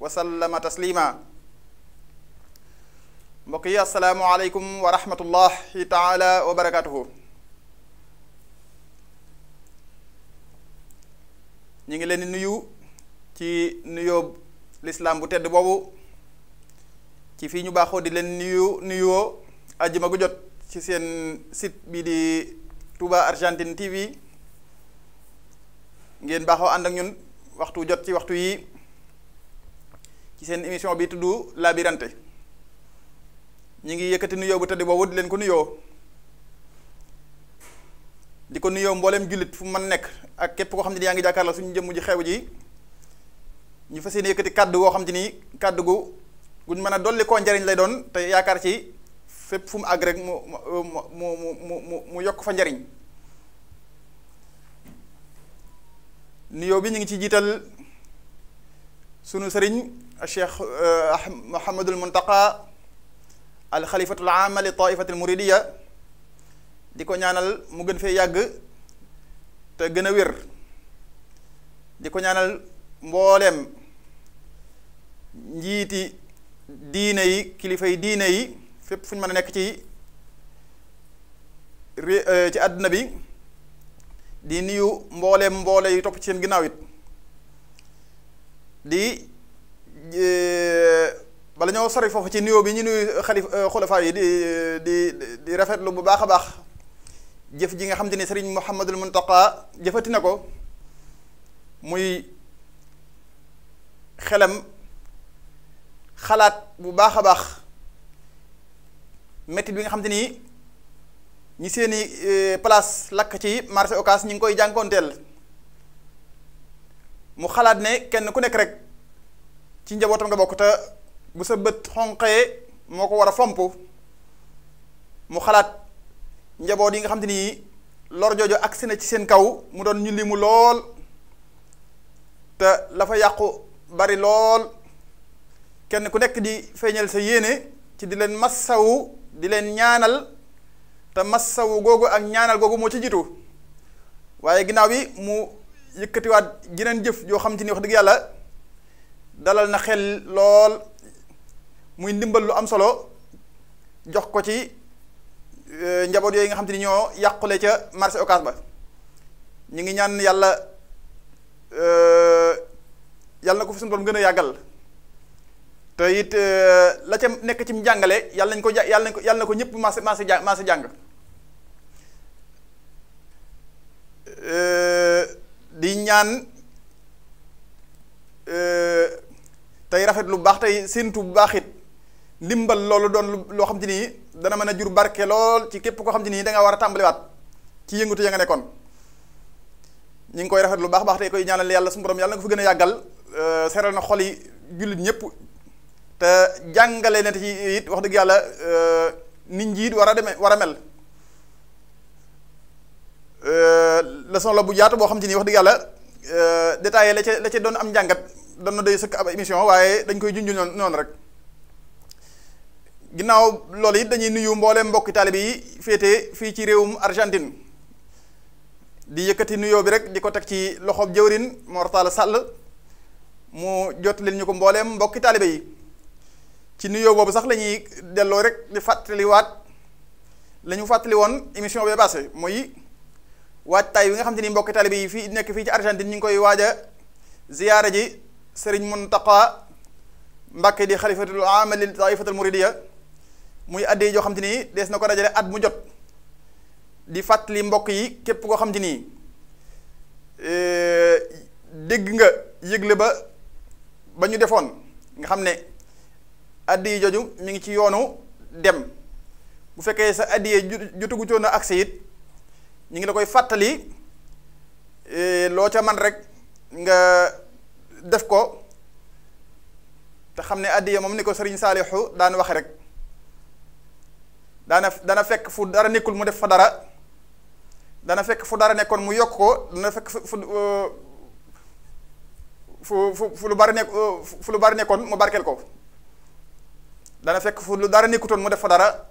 wasallama taslima mbokk yi asalaamualeykum wa rahmatullahi taala wa barakatuhu ñu ngi leen di nuyu ci nuyoo lislaam bu tedd boobu ci fi ñu baaxoo di leen nuyu nuyoo àjjuma gu jot ci seen site bi di tubaa Argentine TV ngeen baaxoo ànd ak ñun waxtu jot ci waxtu yi ci seen émission bi tudd Labirante ñu ngi yëkkati nuyoo bu tëdd boobu di leen ko nuyoo di ko nuyoo mbooleem jullit fu man nekk ak képp koo xam ne yaa ngi jàkkaarloo suñu jëmm ji xew ji ñu fas yéene yëkkati kàddu goo xam te ni kàddu gu guñ mën a dolli koo njariñ lay doon te yaakaar ci fépp fu mu àgg rek mu mu mu mu mu yokk fa njariñ nuyoo bi ñu ngi ci jiital sunu sëriñ Cheikh Mouhamadul Muntaqa al xalifatul aama li taifatil muridiya di ko ñaanal mu gën fee yàgg te gën a wér di ko ñaanal mbooleem njiiti diina yi kilifa yi diine yi fépp fu ñu mën a nekk ci euh, ci àdduna bi di nuyu mbooleem mboole yi topp ci seen ginnaaw it di Euh, bala ñoo sori foofu ci nuyoo bi ñu nuyu xalif euh, xulafaa yi di di di rafetlu bu baax a baax jëf ji nga xam te ne sëriñ Mouhamadul Muntaqa jëfati na ko muy xelam xalaat bu baax a baax métti bi nga xam te ni ñi seeni euh, place lakk ci marché Ocass ñu ngi koy jànkoonteel mu xalaat ne kenn ku nekk rek. ci njabootam nga bokk te bu sa bët xonqee moo ko war a fomp mu xalaat njaboot yi nga xam ni lor jooju agsi na ci seen kaw mu doon ñu mu lool te la fa yàqu bari lool kenn ku nekk di feeñal sa yéene ci di leen massawu di leen ñaanal te massawu googu ak ñaanal googu moo ci jiitu waaye ginnaaw yi mu yëkkatiwaat jeneen jëf joo xam te ni wax dëgg yàlla dalal na xel lool muy ndimbal lu am solo jox ko ci euh, njaboot yooyu nga xam te ni ñoo yàqule ca marché Ocass ba ñu ngi ñaan yàlla euh, yàlla na ko fi suñu gën a yàggal te it euh, la ca nekk ci njàngale yàlla nañ ko ja yàlla nañ ko yàlla na ko ñëpp marché marché jàng marché jàng di ñaan. tey rafet lu baax tey séentu bu baax it ndimbal loolu doon loo xam te nii dana mën a jur barke lool ci képp koo xam te nii danga war a tàmbaliwaat ci yëngatu ya nga nekkoon ñu ngi koy rafet lu baax baax tey koy ñaanal yàlla suñu borom yàlla na ko fi gën a yàggal seral na xol yi jullit ñëpp te jàngale na ci it wax dëgg yàlla nit ñi it war a demee war a mel leçon la bu jaata boo xam te nii wax dëgg yàlla détaillé la ca la ca doon am njàngat dana day sëkk ab émission waaye dañ koy junj noonu rek ginnaaw loolu it dañuy nuyu mbooleem mbokki taalibe yi féete fii ci réewum Argentine di yëkkati nuyoo bi rek di ko teg ci loxob jëwrin Mor sàll mu jot leen ñu ko mbooleem mbokki taalibe yi ci nuyoo boobu sax la ñuy delloo rek di fàttaliwaat la ñu fàttali woon émission bee passé mooy waajtaay wi nga xam te ni mbokki taalibe yi fii nekk fii ci Argentine ñu ngi koy waaja a ziyaara ji sëriñ Muntaqa Mbàkke di xalifatul aam li taifatul muridiya muy addiya joo xam te nii dees na ko dajale at mu jot di fàttali mbokk yi képp koo xam te nii e, dégg nga yëgle ba ba ñu defoon nga xam ne addiya joju ngi ci yoonu dem bu fekkee sa addiya jotugu coon a agsi it ñu ngi la koy fàttali e, loo ca man rek nga def ko te xam ne addiya moom ni ko sëriñ Saalixu daan waxe rek daana dana fekk fu dara nekkul mu def fa dara dana fekk fu dara nekkoon mu yokk ko dana fekk fu fu uh, lu bari nekk uh, lu bari nekkoon mu barkeel ko dana fekk fu lu dara nekkutoon mu def fa dara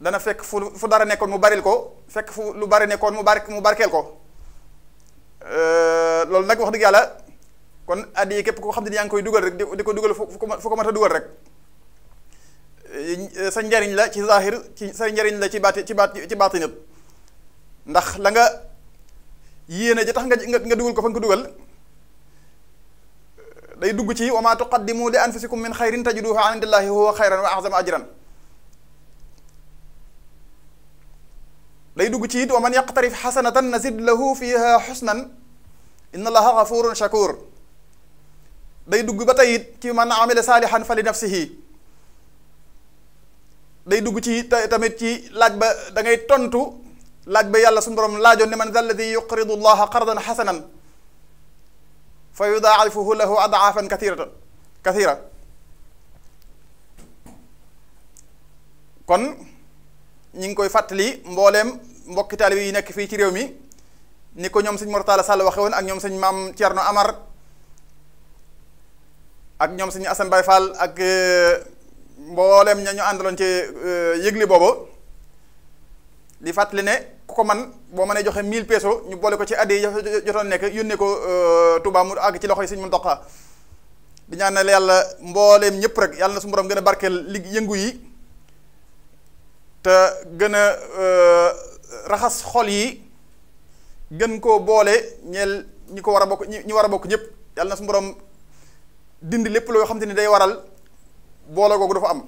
dana fekk fu fu dara nekkoon mu baril ko fekk fu lu bari nekkoon mu bark mu barkeel ko uh, loolu nag wax dëgg yàlla kon addi yi képp koo xam ne yaa ngi koy dugal rek di ko dugal fu fu a dugal rek eh, sa njariñ la ci zahir ci sa njariñ la ci baati ci baat ci baatin ndax la nga yéene ja tax nga nga dugal ko fa ko dugal eh, day dugg ci wa maa tuqaddimu li anfusikum min xayrin tajiduhu indallahi wa ahzama ajran day dugg ci it wa man yaqtarif xasanatan nazid lahu fiha xusnan inna allaha gafurun shakur day dugg ba tey it ci man amila saalihan fa li nafsihi day dugg ci tamit ci laaj ba dangay tontu laaj ba yàlla suñu borom laajoon ne man alladi yuqridu llaha qardan xasanan fa yudaa'ifuhu lahu adaafan kathiratan kathira kon ñi ngi koy fàttali mbooleem mbokki taalibe yi nekk fii ci réew mi ni ko ñoom sëñ Mortala Sall waxe ak ñoom sëñ maam Thierno Amar ak ñoom suñu Assane Baye Fall ak euh, mboolem ña ñu àndaloon ci euh, yëgle boobu li fàttali ne ku ko man boo mënee joxe 1000 peso ñu boole ko ci addi jotoon nekk yónnee ko euh, Touba mu àgg ci loxoy Sëñ Muntaxa di ñaanal yàlla mbooleem ñëpp rek yàlla na su borom gën a barkeel li yëngu yi te gën a raxas xol yi gën koo boole ñeel ñi ko war a bokk ñi war a bokk ñëpp yàlla na su borom. dindi lépp loo xam ni day waral boole googu dafa am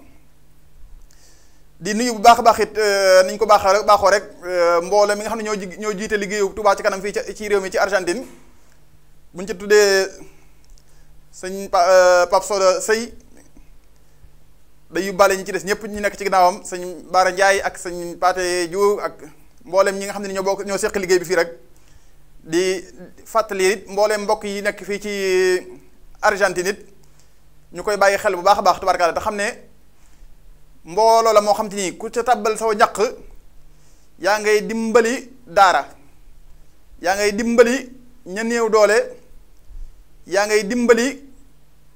di nuyu bu baax a baax it euh, ni ñu ko baaxee baaxoo rek euh, mboole mi nga xam ne ñoo ji ñoo jiite liggéeyu Touba ci kanam fii ci réew mi ci Argentine bu ci tuddee sëñ euh, Pape Soda Sey day yóbbaale ñi ci des ñëpp ñu nekk ci ginnaawam sëñ Baara Ndiaye ak sëñ Paate Diouf ak mboolem ñi nga xam ne ñoo bokk ñoo seq liggéey bi fii rek di fàttali it mbokk yi nekk fii ci. Argentine it ñu koy bàyyi xel bu baax a baax tubaarkalla te xam ne mbooloo la moo xam te ni ku ca tàbbal saw ñaq yaa ngay dimbali daara yaa ngay dimbali ña néew doole yaa ngay dimbali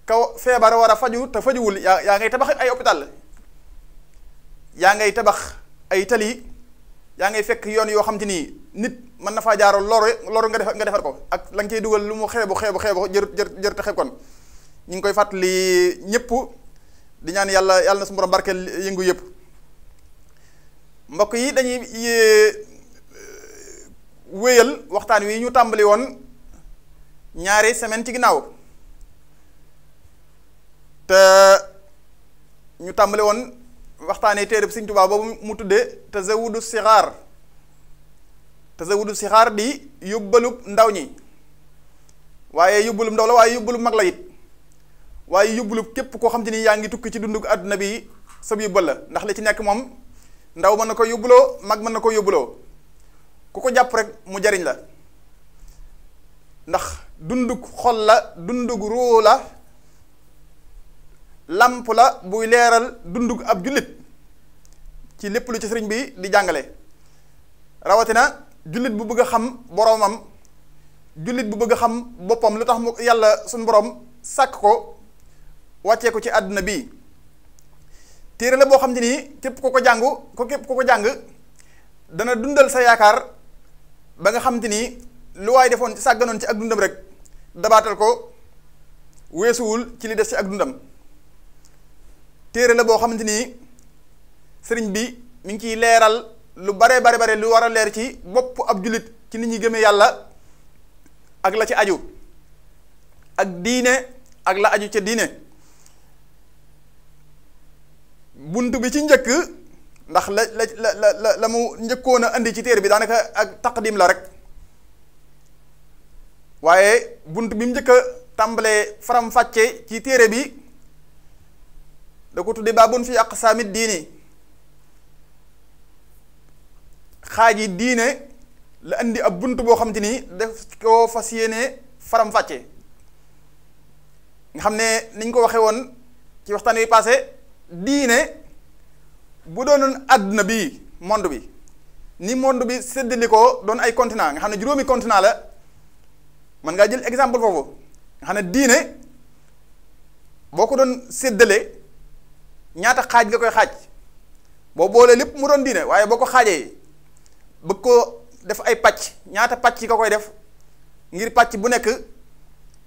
kaw feebar war a faju te fajuwul yaa ngay tabax ay hôpital yaa ngay tabax ay tali yaa ngay fekk yoon yoo xam te ni nit mën na faa jaaroo loru loru nga defar nga defar ko ak la nga cay dugal lu mu xeebu xeebu xeebu jër jër jër te xeeb kon ñu ngi koy fàttali ñëpp di ñaan yàlla yàlla na su borom yëngu yëpp mbokk yi dañuy wéyal waxtaan wi ñu tàmbali woon ñaari semaine ci ginnaaw te ñu tàmbali woon waxtaanee téereb Sëriñ Tuubaa boobu mu tuddee Tazawudu Sixaar si sixaar di yóbbalub ndaw ñi waaye yóbbalub ndaw la waaye yóbbalub mag la it waaye yóbbalub képp koo xam ni yaa ngi tukki ci dundug àdduna bi sab yóbbal la ndax li ci nekk moom ndaw mën na ko yóbbuloo mag mën na ko yóbbuloo ku ko jàpp rek mu jariñ la ndax dundug xol la dundug ruu la làmp la buy leeral dundug ab jullit ci lépp lu ci sëriñ bi di jàngale rawatina jullit bu bëgg a xam boromam jullit bu bëgg a xam boppam lu tax mu yàlla suñu borom sàkk ko wàccee ko ci àdduna bi téere la boo xam te nii képp ku ko jàngu ko képp ku ko jàng dana dundal sa yaakaar ba nga xam ni nii lu waay defoon sàgganoon ci ak dundam rek dabaatal ko weesuwul ci li def ci ak dundam téere la boo xamante ni sëriñ bi mi ngi ciy leeral lu bare bare bare lu war a leer ci bopp ab jullit ci nit ñi gëmee yàlla ak la ci aju ak diine ak la aju ca diine bunt bi ci njëkk ndax la la la la la mu njëkkoon a indi ci téere bi daanaka ak taqdim la rek waaye bunt bi mu njëkk a tàmbalee faram fàcce ci téere bi da ko tudde baabun fi aqsaamid diini xaaji diine la indi ab bunt boo xam te ni daf koo fas yéene faram fàcce nga xam ne niñ ko waxee woon ci waxtaan wi passé diine bu doonoon àdduna bi monde bi ni monde bi séddali ko doon ay continent nga xam ne juróomi continent la mën ngaa jël exemple foofu nga xam ne diine boo ko doon séddale ñaata xaaj nga koy xaaj boo boolee lépp mu doon diine waaye boo ko xaajee bëgg koo def ay pàcc ñaata pàcc nga koy def ngir pàcc bu nekk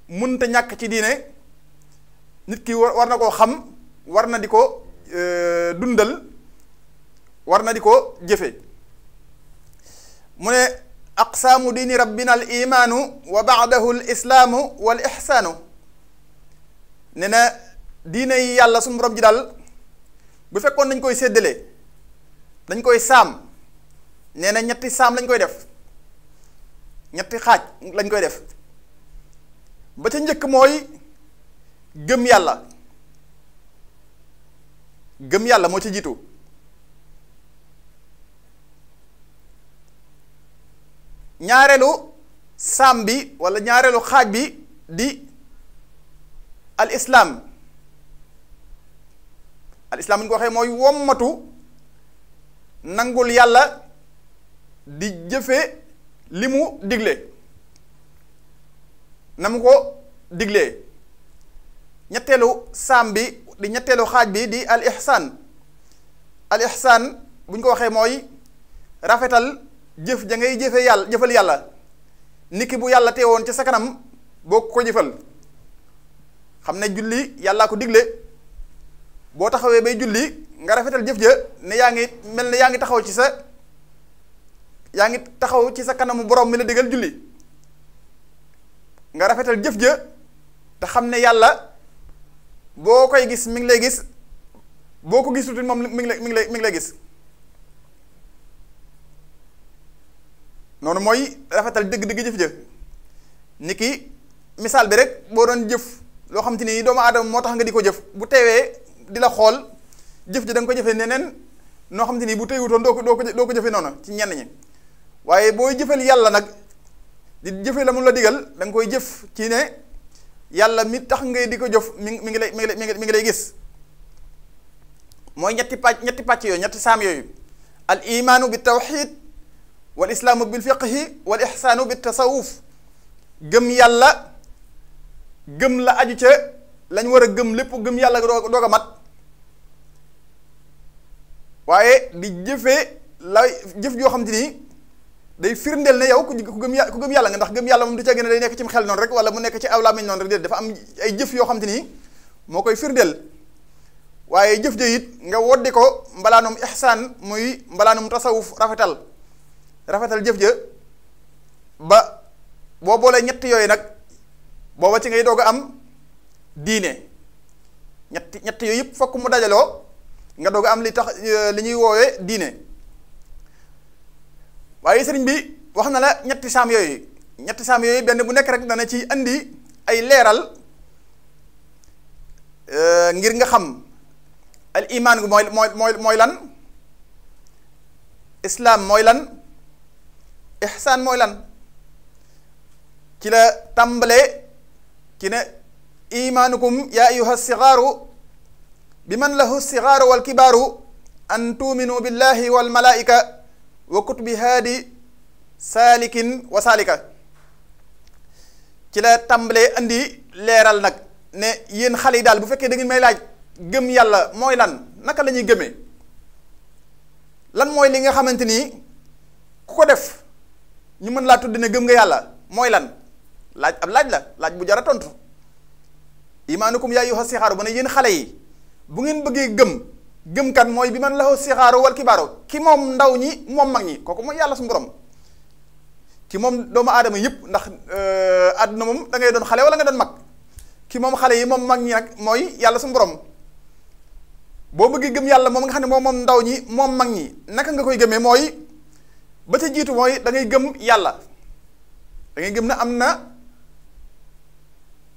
mënta ñàkk ci diine nit ki war na koo xam war na di ko euh, dundal war na di ko jëfe mu ne aqsaamu diini rabbina al imaanu wa baadahu al islaamu wal ixsaanu ne na diine yi yàlla suñu borom ji daal bu fekkoon dañ koy séddale dañ koy saam nee na ñetti saam lañ koy def ñetti xaaj lañ koy def ba ca njëkk mooy gëm yàlla gëm yàlla moo ci jiitu ñaareelu saam bi walla ñaareelu xaaj bi di al islaam al islaam ñu ko waxee mooy wommatu nangul yàlla di jëfee li mu digle na mu ko digle ñetteelu saam bi di ñetteelu xaaj bi di al ihsaan al ihsaan bu ñu ko waxee mooy rafetal jëf ja ngay jëfe yàlla jëfal yàlla nit ki bu yàlla teewoon ci sa kanam boo ko jëfal xam ne julli yàllaa ko digle boo taxawee bay julli nga rafetal jëf ja ne yaa ngi mel ne yaa ngi taxaw ci sa yaa ngi taxaw ci sa kanamu borom mi la digal julli nga rafetal jëf ja te xam ne yàlla boo koy gis mi ngi lay gis boo ko gisutul moom mi ngi lay mi ngi lay mi ngi lay gis noonu mooy rafetal dëgg-dëgg jëf ja nit ki misaal bi rek boo doon jëf loo xam te ni doomu aadama moo tax nga di ko jëf bu teewee di la xool jëf ja da nga ko jëfee neneen noo xam te ni bu teewutoon doo ko doo ko doo ko jëfee noonu ci ñenn ñi. waaye booy jëfal yàlla nag di jëfe la mu la digal da koy jëf ci ne yàlla mi tax ngay di ko jëf mi ngi lay mu ngi lay ngi lay gis mooy ñetti pàcc ñetti pàcc yooyu ñetti saam yooyu al imaanu bi tawxid wal islaamu bil fiqhi wal ixsaanu bi tasawuf gëm yàlla gëm la aju ca lañ war a gëm lépp gëm yàlla doog a mat waaye di jëfe la jëf joo xam te nii day firndeel ne yow ku gëm yàlla ku gëm yàlla ndax gëm yàlla moom du ca gën a day nekk ci xel noonu rek wala mu nekk ci aw làmmiñ noonu rek déet dafa am ay jëf yoo xam te nii moo koy firndeel waaye jëf ja it nga woddi ko mbalaanum ihsaan muy mbalaanum tasawuf rafetal rafetal jëf ja ba boo boolee ñetti yooyu nag booba ci ngay doog a am diine ñett ñett yooyu yëpp fokk mu dajaloo nga doog am li tax li ñuy woowee diine waaye sëriñ bi wax na la ñetti saam yooyu ñetti saam yooyu benn bu nekk rek dana ci andi ay leeral euh, ngir nga xam al imaan gu mooy mooy mooy lan islaam mooy lan ihsaan mooy lan ci la tàmbalee ci ne imaanukum yaa ayuha sigaaru bi man lahu sigaaru wal kibaaru an tuuminu billahi wal malaika wa kutubi haadi saalikin wa saalika ci la tàmbalee andi leeral nag ne yéen xale yi daal bu fekkee da ngeen may laaj gëm yàlla mooy lan naka la ñuy gëmee lan mooy li nga xamante ni ku ko def ñu mën laa tudd ne gëm nga yàlla mooy lan laaj ab laaj la laaj bu jara tontu imaanukum yaa yuha sixaaru ba ne yéen xale yi bu ngeen bëggee gëm gëm kan mooy bi man la sixaaru wal kibaaro ki moom ndaw ñi moom mag ñi kooku mooy yàlla su borom ki moom doomu aadama yëpp ndax euh, àdduna moom da ngay doon xale wala nga doon mag ki moom xale yi moom mag ñi nag mooy yàlla suñu borom boo bëggee gëm yàlla moom nga xam ne moom moom ndaw ñi moom mag ñi naka nga koy gëmee mooy ba ca jiitu mooy da ngay gëm yàlla da gëm na am na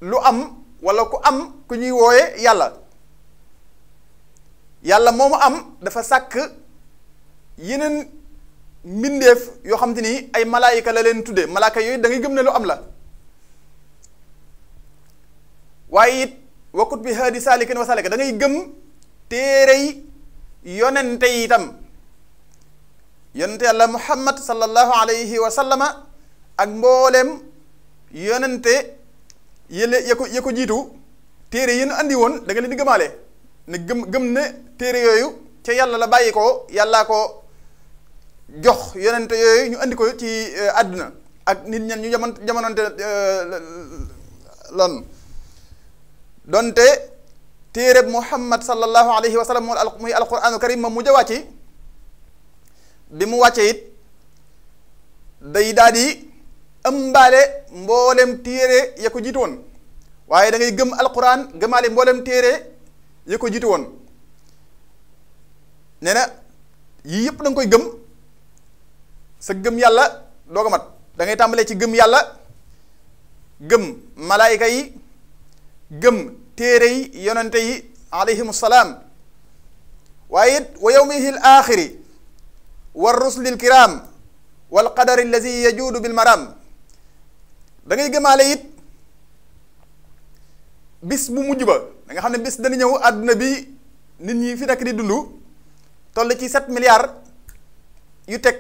lu am wala ku am ku ñuy wooye yàlla. yàlla moomu am dafa sàkk yeneen mbindeef yoo xam te ni ay malaayika la leen tuddee malaaka yooyu da ngay gëm ne lu am la waaye it wakkut bi haadi saalikin wa saalika da ngay gëm téerey yonente yi itam yonente yàlla muhammad sallallahu alayhi wa ak mbooleem yonente yële ya ko ya ko jiitu téere yéen andi woon da nga leen di ne gëm gëm ne téere yooyu ca yàlla la bàyyi ko yàllaa ko jox yonente yooyu ñu indi ko ci euh, àdduna ak nit ñan ñu jamon jamononte euh, lan donte téereb muhammad sallallahu alayhi wa sallam muy alquranu karim moom mu ja wàcci bi mu wàccee it day daal di ëmbaale mboolem téere ya ko jiitu waaye dangay gëm alquran gëmaale mboolem téere yi ko jiitu woon nee na yii yëpp da koy gëm sa gëm yàlla doo ko mat da tàmbalee ci gëm yàlla gëm malaayika yi gëm téere yi yonente yi alayhim salaam waaye it wa yawmihi l axiri war rusulil kiram wal qadari allazi yajuudu bil maram da ngay gëmaale it bis bu mujj ba da nga xam ne bis dana ñëw àdduna bi nit ñi fi nekk di dund toll ci set milliards yu teg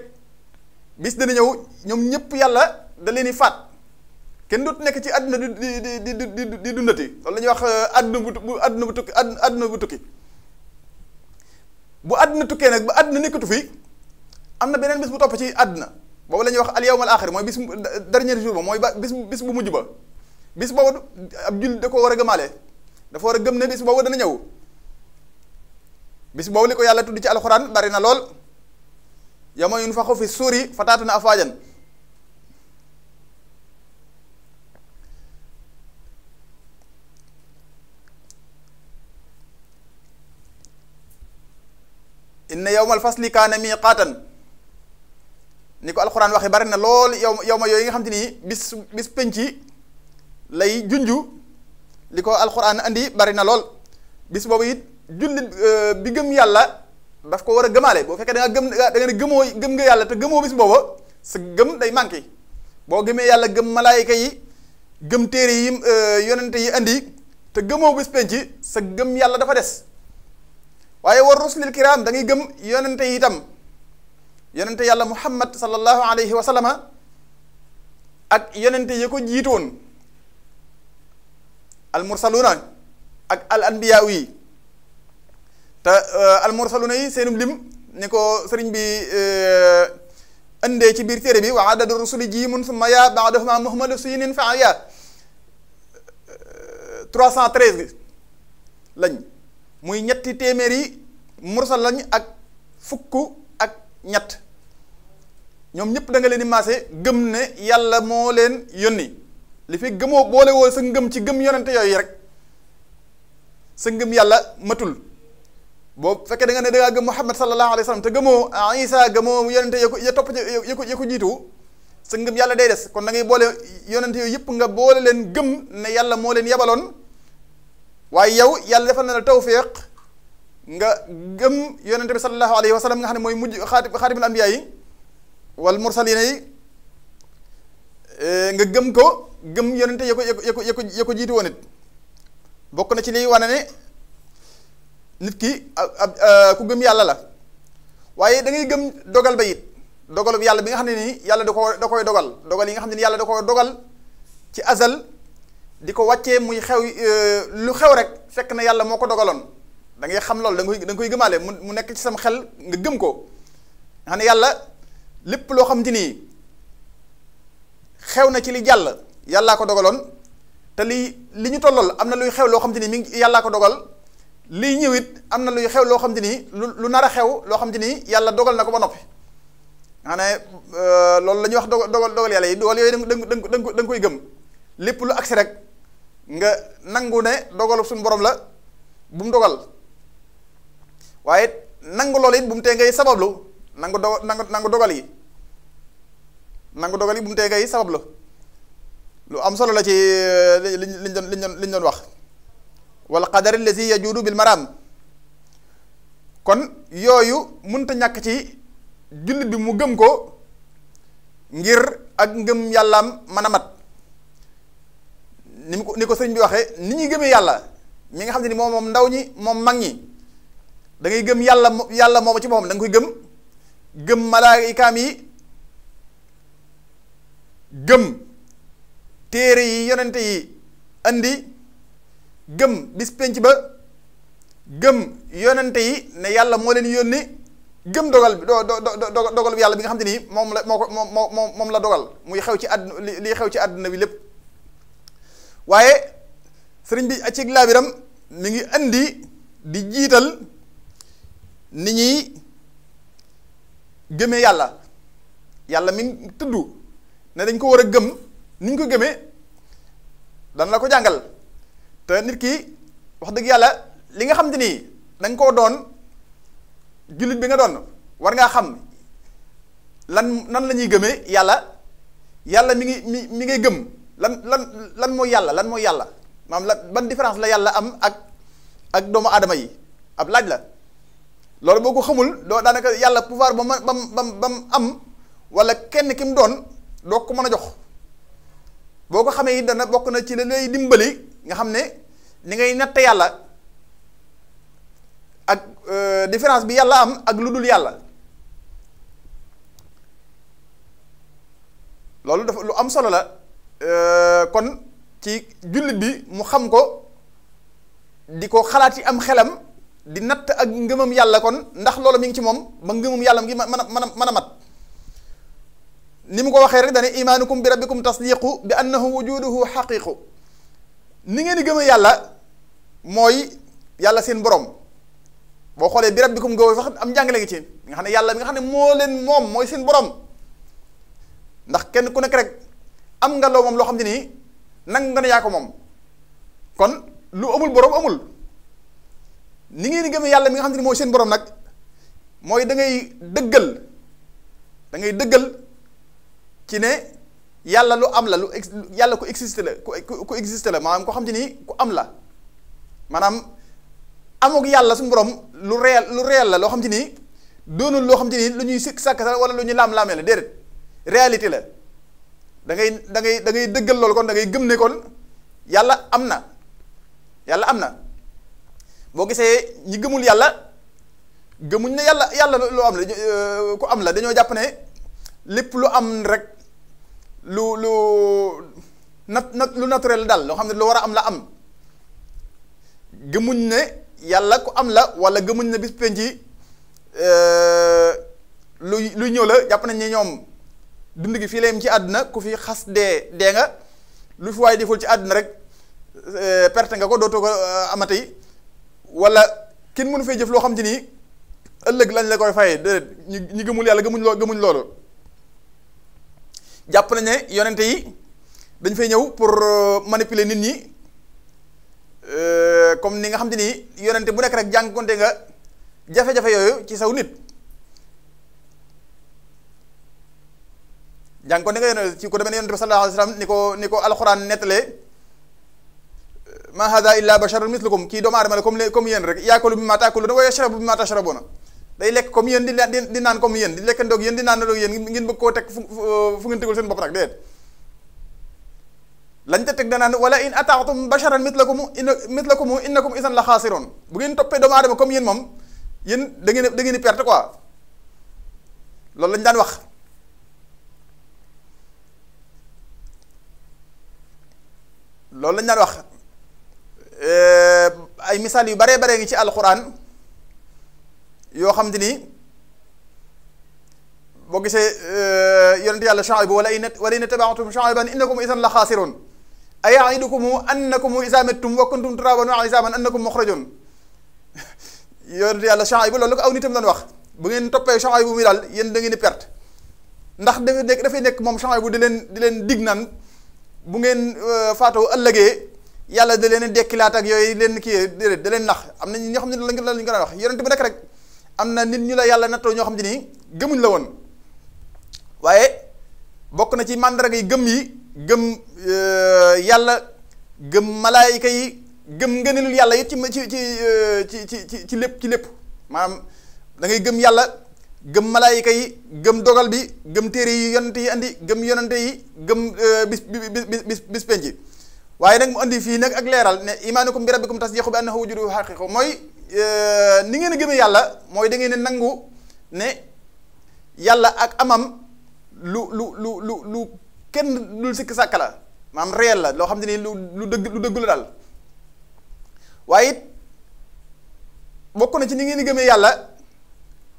bis dana ñëw ñoom ñëpp yàlla da leen di faat kenn dootu nekk ci àdduna di di di di di dundati loolu la ñuy wax euh, àdduna bu bu àdduna bu tukki àdduna bu bu àdduna tukkee nag ba àdduna nekkatu fi am na beneen bis bu topp ci àdduna boobu la ñuy wax al yawmal aaxir mooy bis dernier jour ba mooy ba bis bis bu mujj ba. bis boobu ab da ko war a gëmaale dafa war a gëm ne bis boobu dana ñëw bis boobu li ko yàlla tudd ci alxuraan bari na lool yawma yunfaxu fi suuri fataatuna afwaajan inna yawmal fasli kaana miqaatan ni ko waxee bari na lool yow yow ma yooyu nga xam te ni bis bis penc lay junju li ko alxuraan andi bari na lool bis boobu it jullit euh, bi gëm yàlla daf ko war a gëmaale boo fekkee da gëm da nga ne gëm nga yàlla te gëmoo bis booba sa gëm day manqué boo gëmee yàlla gëm malaayika yi gëm téere yi euh, yonente yi indi te gëmoo bis penc sa gëm yàlla dafa des waaye war rusulil kiraam da ngay gëm yonente yi itam yonente yàlla muhammad sallallahu alayhi wa ak yonente yee ko jiitoon al na ak al anbiya yi te euh, al mursaluna yi seenum lim ni ko sëriñ bi euh, indee ci biir téere bi wax wa adadu rusuli jiimun summa yaa baadahuma muhammadu sinin fa yaa 313 euh, lañ muy ñetti téeméeri mursal lañ ak fukk ak ñett ñoom ñëpp danga leen di gëm ne yàlla moo leen yónni li fi gëmoo boole woo sa ngëm ci gëm yonente yooyu rek sa ngëm yàlla matul boo fekkee da nga ne da gëm Muhammad sallallahu alayhi wa sallam te gëmoo Isa gëmoo yonente ya ko ya topp ya ko yàlla day des kon da boole yonente yooyu yëpp nga boole leen gëm ne yàlla moo leen yebaloon waaye yow yàlla defal na la tawfiq nga gëm yonente bi sallallahu alayhi wa sallam nga xam ne mooy mujj xaati xaatimul anbiya yi wal mursalina yi eh, nga gëm ko. gëm yonente ya ko ya ko ya ko ya ko woon it bokk na ci liy wane ne nit ki ab euh, ku gëm yàlla la waaye dangay gëm dogal ba it dogalu yàlla bi nga xam ne nii yàlla da da koy dogal dogal yi nga xam ne yàlla da koy dogal ci azal di ko wàccee muy xew euh, lu xew rek fekk na yàlla moo ko dogaloon dangay xam loolu da nga koy da nga gëmaale mu nekk ci sam xel nga gëm ko nga xam ne yàlla lépp loo xam te nii xew na ci li jàll yàllaa ko dogaloon te lii li ñu tollool am na luy xew loo xam te ni mi ngi yàllaa ko dogal lii ñëw it am na luy xew loo xam te ni lu lu nar a xew loo xam te ni yàlla dogal na ko ba noppi. nga ne euh, loolu la ñuy wax dogal dogal yàlla yi dogal yooyu da nga da nga koy gëm lépp lu agsi rek nga nangu ne dogalu suñu borom la bu dogal waaye nangu loolu it bu mu tee ngay sabablu nangu do nangu nangu dogal yi nangu dogal yi bu mu tee ngay sabablu. lu am solo la ci liñ euh, liñ doon liñ doon liñ doon wax wal qadari allazi yajudu bil maram kon yooyu mënta ñàkk ci jullit bi mu gëm ko ngir ak ngëm yàllaam mën a mat ni mu ko ni ko sëriñ bi waxee ni ñuy gëmee yàlla mi nga xam ne ni moom moom ndaw ñi moom mag ñi da ngay gëm yàlla yàlla moomu ci moom da nga koy gëm gëm malaayikaam yi gëm téere yi yonente yi andi gëm bis penc ba gëm yonente yi ne yàlla moo leen yónni gëm dogal bi do do dogal bi yàlla bi nga xam te nii moom la moo ko moo moom la dogal muy xew ci àdduna li li xew ci àdduna bi lépp waaye sëriñ bi ci laabiram mi ngi andi di jiital ni ñuy gëmee yàlla yàlla mi ngi tudd ne dañ ko war a gëm ni ko gëmee dana la ko jàngal te nit ki wax dëgg yàlla li nga xam te nii da koo doon jullit bi nga doon war ngaa xam lan nan la ñuy gëmee yàlla yàlla mi ngi mi ngay gëm lan lan lan mooy yàlla lan mooy yàlla maanaam la ban différence la yàlla am ak ak doomu aadama yi ab laaj la loolu boo ko xamul doo daanaka yàlla pouvoir ba ma ba mu ba mu am wala kenn ki mu doon doo ko mën a jox. boo ko xamee it dana bokk na ci la lay dimbali nga xam ne ni ngay natt yàlla ak euh, différence bi yàlla am ak lu dul yàlla loolu dafa lu am solo la euh, kon ci jullit bi mu xam ko di ko xalaat yi am xelam di natt ak ngëmam yàlla kon ndax loolu mi ngi ci moom ba ngëmam yàlla ngi man a mën a mën a mat ni mu ko waxee rek dane imaanukum bi rabbikum tasdiqu bi annahu wujuduhu xaqiqu ni ngeen di gëm yàlla mooy yàlla seen borom boo xoolee bi rabbikum nga sax am njàngale nga ci nga xam ne yàlla nga xam ne leen moom mooy seen borom kenn ku nekk rek am nga loo loo xam ne nii nang nga ne moom kon lu amul borom amul ni gëm yàlla mi nga xam ne mooy seen borom nag mooy da ngay dëggal da dëggal. ci ne yàlla lu am la lu yàlla ku existe la ku ku existe la maanaam ko xam te ni ku am la maanaam amuk yàlla suñu borom lu réel lu réel la loo xam te ni doonul loo xam te ni lu ñuy sikk sàkk wala lu ñuy laam-laamee la déedéet réalité la da ngay da ngay da ngay dëggal loolu kon dangay gëm ne kon yàlla am na yàlla am na boo gisee ñi gëmul yàlla gëmuñ na yàlla yàlla loo am la euh, ku am la dañoo jàpp ne lépp lu am rek lu lu nat lu naturel daal loo xam ne lu war a am la am gëmuñ ne yàlla ku am la wala gëmuñ ne bis penc yi euh, lu luy ñëw la jàpp nañ ni ñoom dund gi fii la yem ci àdduna ku fi xas dee dee nga lu fi waaye deful ci àdduna rek euh, perte nga ko dootoo ko euh, amati wala kenn mënu fee jëf loo xam ci nii ëllëg lañ la koy fayee déedéet ñu gëmul yàlla gëmuñ loo gëmuñ loolu. jàpp nañ ne yonente yi dañ fay ñëw pour euh, manipuler nit ñi euh, comme ni nga xam te ni yonente bu nekk rek jànkonte nga jafe-jafe yooyu ci saw nit jànkonte nga yonente ci ko demee ne yonente bi sallallahu alayhi wa sallam ni ko ni ko alxuraan nettalee ma hada illa basharun mislukum kii doomu aadama la comme comme yéen rek yaakulu mimma taakuluuna wa yashrabu mimma tashrabuna day lekk comme yéen di di naan comme yéen di lekkandoog yéen di naanandoog yéen ngeen bëgg koo teg fu fu ngeen tegul seen bopp nag déedéet lañ te teg danaan wala in ataatum basharan mitlakum in mitlakum innakum isan la xaasiroon bu ngeen toppee doomu aadama comme yéen moom yéen da ngeen da ngeen di perte quoi loolu lañ daan wax loolu lañ daan wax ay misaal yu baree baree ngi ci alxuraan yoo xam te boo gisee euh, yonent yàlla Shuayb wala in wala in tabaatum Shuayban innakum isan la xaasiroon ay aidukum annakum isa mittum wa kuntum turaban wa isaman annakum muxrajoon yonent yàlla Shuayb loolu la ko aw nitam doon wax bu ngeen toppee Shuayb mi daal yéen da ngeen di ndax dafay nekk dafay nekk moom Shuayb bu leen di leen dig naan bu ngeen euh, faatoo ëllëgee yàlla da leen dekkilaat ak yooyu leen kii déedéet da leen nax am na ñoo xam ne lañ ko lañ ko daan wax yonent bi rek rek. am na nit ñu la yàlla nattoo ñoo xam te ni gëmuñ la woon waaye bokk na ci màndarga yi gëm yi gëm euh, yàlla gëm malaayika yi gëm ngëneelul yàlla yi ci ci euh, ci ci ci ci lépp ci lépp maanaam da ngay yàlla gëm malaayika yi gëm dogal bi gëm téere yi yonante yi andi gëm yonante yi gëm euh, bis bis bis bis penc waaye nag mu andi fii nag ak leeral ne imaanukum bi rabbikum tasdiqu bi annahu wujudu xaqiqu mooy Euh, ni ngeen a gëmee yàlla mooy da ngeen nangu ne yàlla ak amam lu lu lu lu lu kenn lu sikk sàkka la la loo xam ne lu lu dëgg lu daal waaye it bokk na ci ni ngeen di gëmee yàlla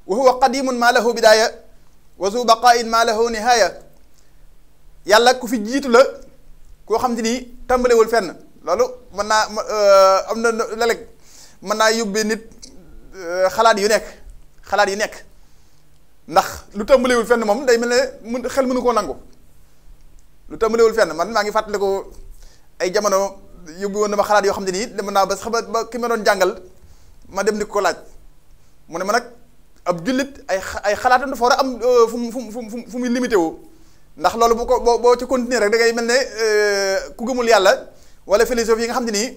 wa huwa qadimun maa lahu bidaaya wa zu baqaain maa lahu nihaaya yàlla ku fi jiitu la koo xam ne nii tàmbalewul fenn loolu mën naa euh, am na mën naa yóbbee nit euh, xalaat yu nekk xalaat yu nekk ndax lu tàmbalewul fenn moom day mel ne mun xel mënu koo nangu lu tàmbalewul fenn man maa ngi fàttaliku ay jamono yóbbu woon na xalaat yoo xam ne nii dem naa ba sax ba ki ma doon jàngal ma dem di ko laaj mu ne ma nag ab jullit ay ay xalaatam dafa war a am euh, fu mu fu mu fu muy limité ndax loolu bu ko boo boo ci continuer rek dangay mel ne euh, ku gëmul yàlla wala philosophie yi nga xam ne nii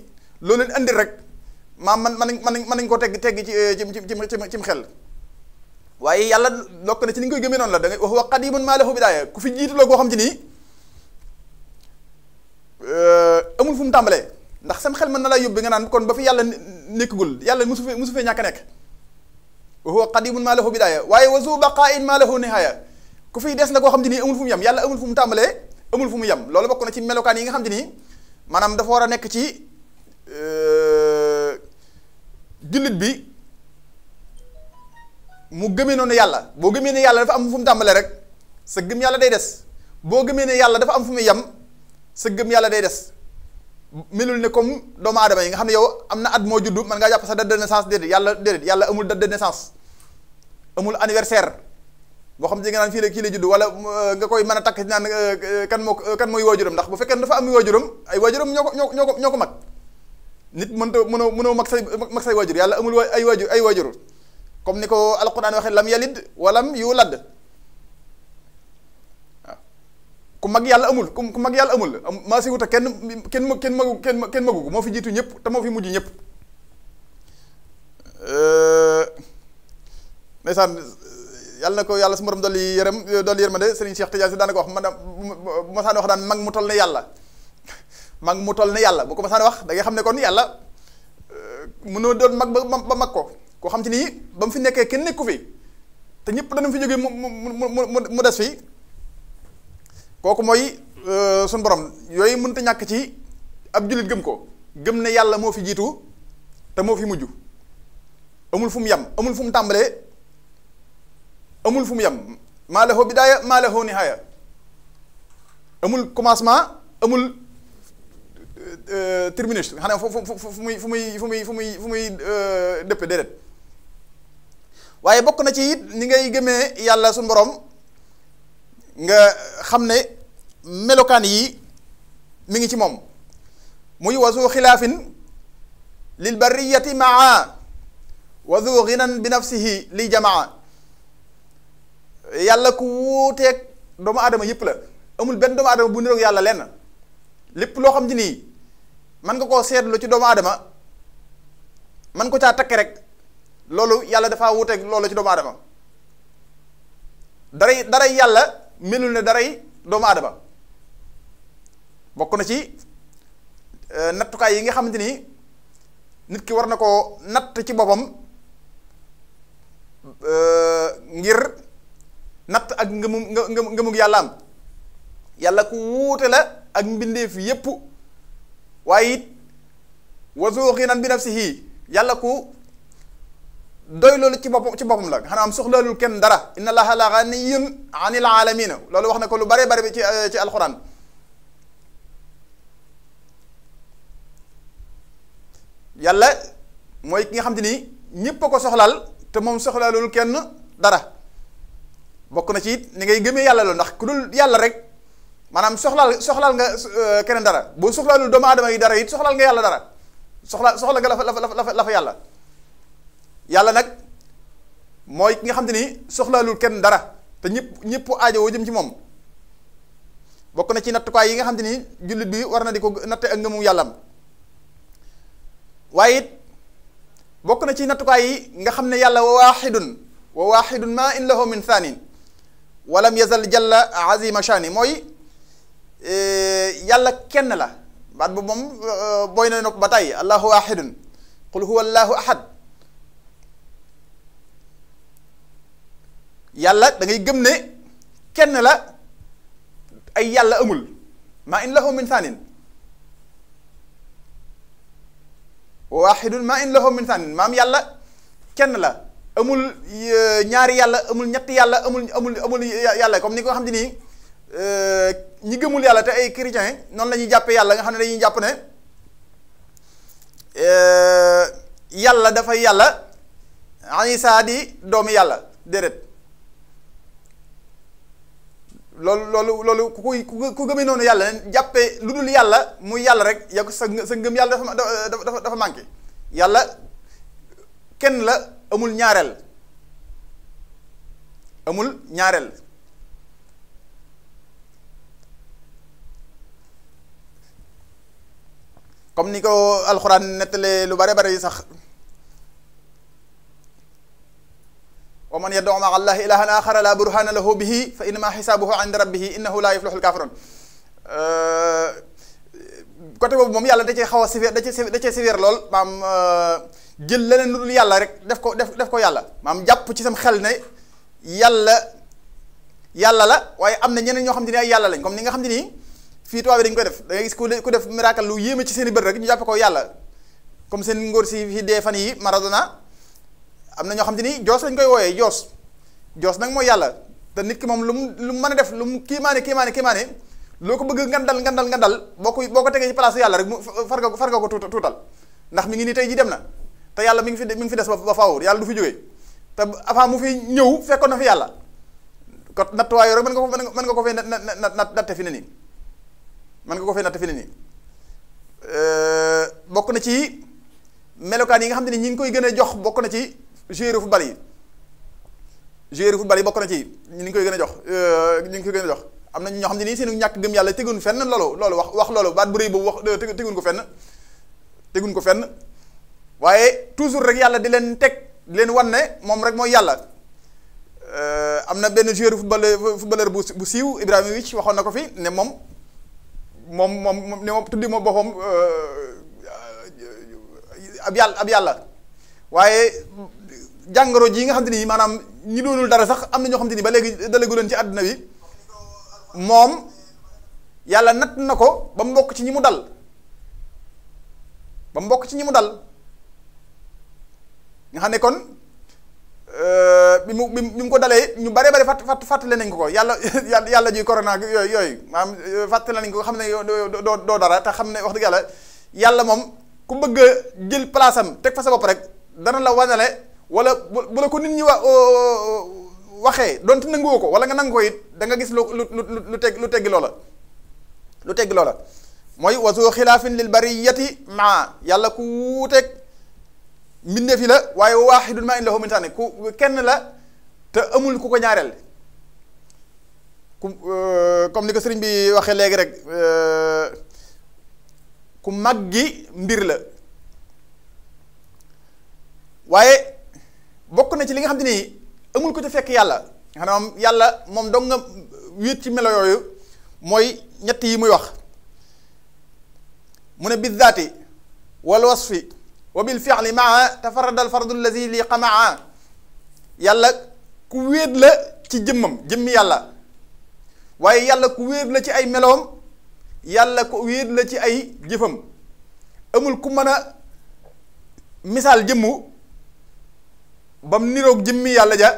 loolu leen indi rek. maam man man man mën nañ ko tegg tegg ci ci ci ci xel waaye yàlla lokk na ci ni nga koy gëmee la da ngay wax wa qadimun maa lahu ku fi jiitu la goo xam ci nii mu tàmbalee ndax sam xel mën na laa yóbbu nga naan kon ba fi yàlla nekkagul yàlla musu fee musu fee ñàkk a nekk wa huwa qadimun maa lahu bidaaya waaye wa zu baqaain maa lahu nihaaya ku fi des na koo xam te nii amul fu mu yem yàlla amul fu mu tàmbalee amul fu mu yem loolu bokk na ci melokaan yi nga xam te nii maanaam dafa war a nekk ci jullit bi mu gëmee noonu yàlla boo gëmee ni yàlla dafa am fu mu tàmbalee rek sa gëm yàlla day des boo gëmee ne yàlla dafa am fu mu yem sa gëm yàlla day des melul ne comme doomu aadama yi nga xam ne yow am na at moo juddu man nga jàpp sa date de naissance déedéet yàlla déedéet yàlla amul date de naissance amul anniversaire boo xam ne nga naan fii la kii la juddu wala euh, nga koy mën a takk naan euh, kan moo kan mooy waajuram ndax bu fekkee dafa am waajuram ay waajuram ñoo ko ñoo ko ñoo ko mag nit mënta mënoo mënoo mag say mag say waajur yàlla amul ay waajur ay waajur comme ni ko alquran waxee lam yalid walam yulad waaw ku mag yàlla amul ku mag yàlla amul maa si wuta kenn kenn ma kenn magu kenn kenn magu ko moo fi jiitu ñëpp te moo fi mujj ñëpp ndeysaan yàlla na ko yàlla su ma doon dolli yërëm dolli yërmande Serigne Cheikh Tidiane si daanaka wax ma bu ma saan wax daan mag mu toll ne yàlla mag mu toll ne yàlla bu ko masaan wax da xam ne kon yàlla euh, mënoo doon mag ba ba mag ko koo xam te ni ba mu fi nekkee kenn nekku fi te ñëpp dañu fi jógee mu mu mu mu des fi kooku mooy euh, suñu borom yooyu mënta ñàkk ci ab jullit gëm ko gëm ne yàlla moo fi jiitu te moo fi mujj amul fu mu yem amul fu mu tàmbalee amul fu mu yem maa lahu bidaaya maa lahu nihaaya amul commencement amul. Euh, terminus xanaa fu fu fu fu muy fu muy fu muy fu muy euh, bokk na ci it gëmee yàlla suñu borom nga xam ne melokaan yi mu ngi ci moom muy wasu xilaafin lil bariyati maa wasu ginan bi nafsihi li jamaa yàlla ku wuuteeg doomu adama yëpp la amul benn doomu aadama bu niroog yàlla lenn lépp loo xam ci nii man nga koo seetlu ci doomu aadama man ko caa takke rek loolu yàlla dafa wuteeg loolu ci doomu aadama daray daray yàlla melul ne daray doomu aadama bokk na ci euh, nattukaay yi nga xamante ni nit ki war na koo natt ci boppam euh, ngir natt ak ngëmu ngëmu ngëmu yàlla am yàlla ku wuute la ak mbindeef yépp waaye it wasu xiinan bi nafsihi yàlla ku doy loolu ci boppam ci boppam la xanaa am soxlaalul kenn dara inna allaha la ganiyun anil alamina loolu wax na ko lu bare bare bi ci euh, ci alxuraan yàlla mooy ki nga xam te ni ñëpp ko soxlaal te moom soxlaalul kenn dara bokk na ci ni ngay gëmee yàlla loolu ndax ku dul yàlla rek maanaam soxlaal soxlaal nga euh, keneen dara boo soxlaalul doomu aadama yi dara it soxlaal nga yàlla dara soxla soxla nga la fa la fa la yàlla yàlla nag mooy ki nga xam te ni soxlaalul kenn dara te ñëpp ñëpp aajowoo jëm ci moom bokk na ci nattukaay yi nga xam ni jullit bi war na ko natte ak ngëmu yàllam waaye it bokk na ci nattukaay yi nga xam ne yàlla wa waaxidun wa waaxidun ma in lahu min thaanin walam yazal jalla azima shani mooy Eh, yàlla kenn la baat bu moom eh, eh, booy na ko ba tey allahu ahadun qul huwa allahu ahad yàlla dangay ngay gëm ne kenn la ay yàlla amul maa in lahu min thaanin waaxidun maa in lahu min thaanin maam yàlla kenn la amul ñaari yàlla amul ñetti yàlla amul amul amul yàlla comme ni ko xam te nii ñi gëmul yàlla te ay chrétiens noonu la jàppee yàlla nga xam ne dañuy jàpp ne euh, yàlla dafa yàlla Isaa di doomu yàlla déedéet loolu loolu loolu ku kuy ku gëmee noonu yàlla jàppee lu dul yàlla mu yàlla rek yàgg sa sa yàlla dafa dafa dafa manqué yàlla kenn la amul ñaareel amul ñaareel. comme ni ko alxuraan nettalee lu bare bare yi sax wa man yad'u ma'a allahi ilahan axara la burhana lahu bihi fa innama xisaabuhu inda rabbihi innahu la yuflixul kaafiroon euh, côté boobu moom yàlla da cee xaw a sévère da cee da cee sévère lool maam euh, jël leneen lu dul yàlla rek def ko def def ko yàlla maam jàpp ci sam xel ne yàlla yàlla la waaye am na ñeneen ñoo xam te ne ay yàlla lañ comme ni nga xam te nii fii tubaab bi dañ koy def da ngay gis ku def miracle lu yéeme ci seen i bët rek ñu jàpp ko yàlla comme seen ngóor si fi dee fan yi Maradona am na ñoo xam te ni joos lañ koy wooyee joos joos nag mooy yàlla te nit ki moom lu mu lu mu mën a def lu mu kiimaane kiimaane kiimaane loo ko bëgg ngandal ngandal ngandal boo ko boo ko tegee ci place yàlla rek mu far nga ko far nga ko tuutal tuutal ndax mi ngi nii tey ji dem na te yàlla mu ngi fi mi ngi fi des ba ba faaw yàlla du fi jógee te avant mu fi ñëw fekkoon na fi yàlla kon nattuwaay rek mën nga ko mën nga ko fee natte fi ne nii man nga ko fee natt fi ne nii euh, bokk na ci melokaan yi nga xam ne ñi ngi koy gën jox bokk na ci joueur football yi joueur football yi bokk na ci ñi ngi koy gën a jox euh, ñi ngi koy gën am na ñoo xam ne nii seen ñàkk gëm yàlla teguñ fenn loolu loolu wax wax loolu baat bu rëy boobu wax euh, teguñ ko fenn teguñ ko fenn waaye toujours rek yàlla di leen teg di leen wan ne moom rek mooy yàlla am na benn joueur footballeur footballeur bu bu siiw Ibrahimovic waxoon na ko fi ne moom. moom moom ne moom tuddi moom boppam euh, ab yàlla ab yàlla waaye jàngoro ji nga xam te ni maanaam ñi doonul dara sax am na ñoo xam te ni ba léegi dalagu leen ci àdduna bi moom yàlla natt na ko ba mu bokk ci ñi mu dal ba mu bokk ci ñi mu dal nga xam ne kon Euh, bi mu bi mu ko dalee ñu bare bare fàtt fàttali nañ ko ko yàlla yàlla ji corona yooyu yooyu maanaam euh, fàttali nañ ko xam ne doo doo dara te xam ne wax dëgg yàlla yàlla moom ku bëgg a jël place am teg fa sa bopp rek dana la wanale wala bu la ko nit ñi wa waxee donte nanguwoo ko wala nga nangu ko it da nga gis lu lu lu lu teg lu loola lu teggi loola mooy wasu xilaafin lil bariyati maa yàlla ku wuuteeg mbindeef yi la waaye waaxidun maa in lahu min taani ku kenn la te amul ku ko ñaareel ku euh, comme ni ko bi waxee léegi rek euh, ku mag gi mbir la waaye bokk na ci li nga xam te nii amul ko ci fekk yàlla xanaa moom yàlla moom dong nga wéet ci melo yooyu mooy ñett yi muy wax mu ne bizaati wal wasfi wa bil fi'li maa tafarrada al fardu allazi li qamaa yàlla ku wéet la ci jëmmam jëmmi yàlla waaye yàlla ku wéet la ci ay meloom yàlla ku wéet la ci ay jëfam amul ku mën a misaal jëmmu ba mu niroog jëmmi yàlla ja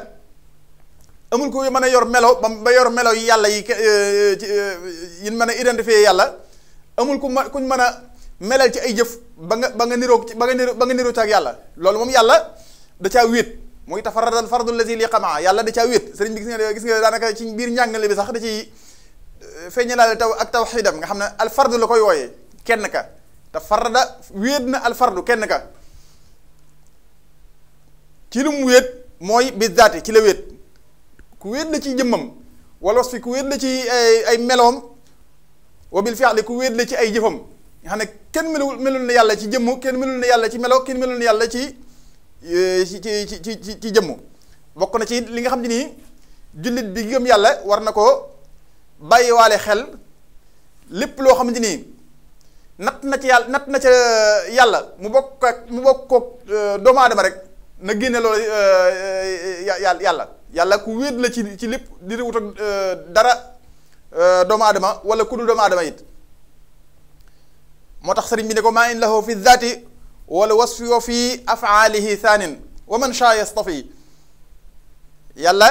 amul ku mën a yor melo ba ba yor melo yi yàlla yi eh, eh, yi mën a identifier yàlla amul ku ma kuñ mën a melal ci ay jëf ba nga ba nga niroog ci ba nga ba nga niroo ak yàlla loolu moom yàlla da caa wéet mooy tafaradal fardul lazi li xamaa yàlla da caa wéet sëriñ bi gis nga gis nga daanaka ci biir njàngale bi sax da ciy euh, feeñalaale taw ak tawxiidam nga xam ne alfardu la koy wooye kenn ka te farada wéet na alfardu kenn ka ci lu mu wéet mooy bizaati ci la wéet ku wéet la ci jëmmam wala was fi ku wéet la ci ay meloom wa bil fi'li ku wéet la ci ay jëfam nga xam ne kenn melul melul na yàlla ci jëmmu kenn melul na yàlla ci melo kenn melul na yàlla e, ci ci ci ci jëmm bokk na ci li nga xam ne nii jullit bi gëm yàlla war na ko bàyyiwaale xel lépp loo xamante ni natt na ci yàlla natt na ca yàlla mu bokk ak mu bokk ak e, doomu aadama rek na génne loolu e, yàlla yàlla ku wéet la ci ci lépp di wut ak dara doomu aadama wala ku dul doomu aadama it. moo tax sëriñ bi ne ko maa in lahu fi zaati wala wasfi wa fi afaalihi thaanin wa man shaa yastafi yàlla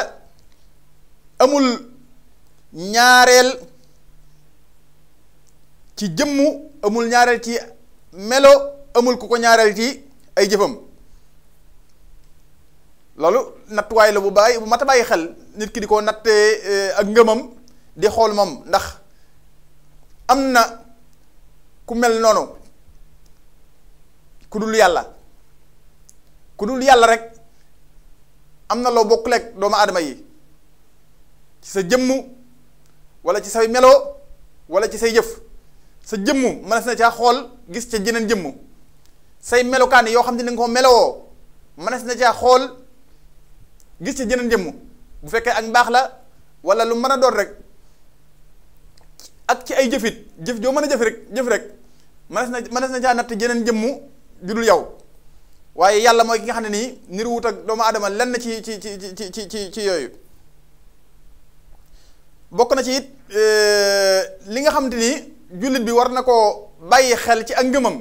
amul ñaareel ci jëmmu amul ñaareel ci melo amul ku ko ñaareel ci ay jëfam loolu nattuwaay la bu bàyyi bu mat a bàyyi xel nit ki di ko nattee eh, ak ngëmam di xool moom ndax am na ku mel noonu ku dul yàlla ku dul yàlla rek am na loo bokkuleeg doomu aadama yi ci sa jëmm walla ci say melo walla ci say jëf sa jëmm mënees na caa xool gis ca jeneen jëmm say melokaan yoo xam ne ni nga ko melowoo mënees na caa xool gis ca jeneen jëmm bu fekkee ak mbaax la wala lu mën a doon rek. ak ci ay jëfit jëf joo mën a jëf rek jëf rek mënees na mënees na caa natt jeneen jëmmu judul yow waaye yàlla mooy ki nga xam ne nii nir wut ak doomu aadama lenn ci ci ci ci ci ci yooyu bokk na ci it e, li nga xam te ni jullit bi war na koo bàyyi xel ci ak ngëmam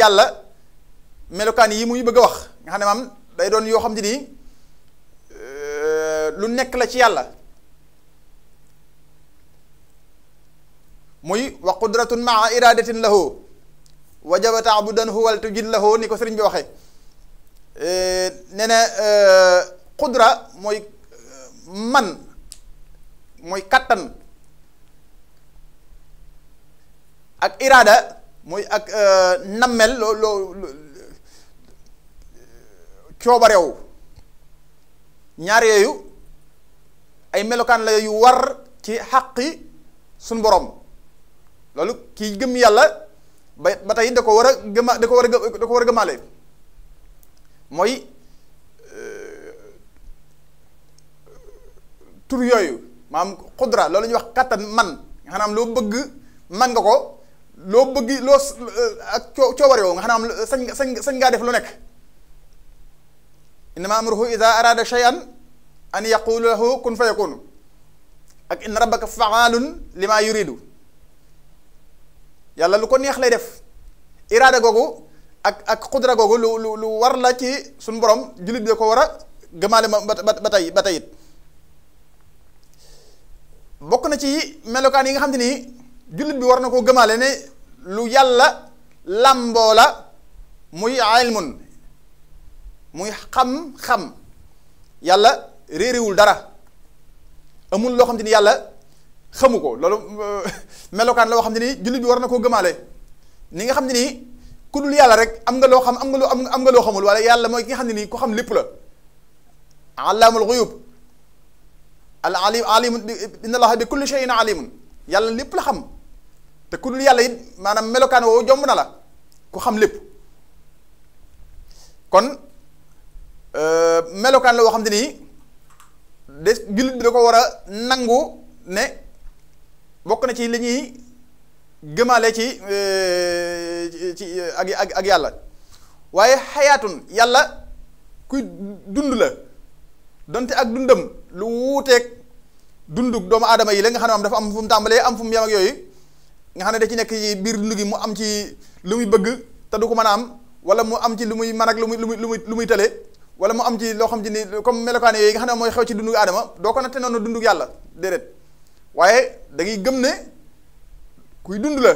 yàlla melokaan yi muy bëgg a wax nga xam ne maam day doon yoo xam te ni e, lu nekk la ci yàlla muy wa qudratun maa iradatin lahu wajaba taabudan huwal tujid lahu ni ko sëriñ bi waxee eh, nee na eh, qudra mooy eh, man mooy kattan ak iraada mooy ak nammel loo loo coobarew ñaar yooyu ay melokaan la yu war ci xaqi suñ borom loolu kii gëm yàlla ba ba tey da ko war a gëma da ko war a da a gëmaale mooy euh, tur yooyu maanaam xudra loolu ñuy wax kàttan man nga xanaam loo bëgg man nga ko loo bëgg loo euh, ak coo coobare woo nga xanaam sañ sañ sañ def lu nekk innama amruhu ida arada shay'an an yaqulu lahu kun fayakun ak inna rabbaka faalun lima yuridu yàlla lu ko neex lay def iraada googu ak ak xudra googu lu lu lu war la ci suñu borom jullit bi ko war a gëmaale ma ba tey ba tey bokk na ci melokaan yi nga xam te ni jullit bi war na koo gëmaale ne lu yàlla làmboo la muy ilmun muy xam-xam yàlla réeréwul dara amul loo xam ni yàlla xamu ko loolu euh, melokaan la boo xam ne nii jullit bi war na koo gëmaale ni nga xam ne nii ku dul yàlla rek am nga loo xam am nga loo am nga loo xamul wala yàlla mooy ki nga xam ne nii ku xam lépp la allaamul al alim alim inna allaha bi kulli yàlla lépp la xam te ku dul yàlla it maanaam melokaan woo jomb na la ku xam lépp kon euh, melokaan la boo xam ne nii de jullit bi da ko war a nangu ne bokk na ci li ñuy gëmaale ci euh, ci ak ak ak yàlla waaye xayaatun yàlla kuy dund la donte ak dundam lu wuuteeg dundug doomu aadama yi la nga xam ne am dafa am fu mu tàmbalee am fu mu yooyu nga xam ne da ci nekk ci biir dund gi mu am ci lu muy bëgg te du ko mën a am wala mu am ci lu muy mën ak lu muy lu muy lu muy tële wala mu am ci loo xam ci ni comme melokaan yooyu nga xam ne mooy xew ci dundu aadama doo ko natte noonu dundug yàlla déedéet. waaye dangay gëm ne kuy dund la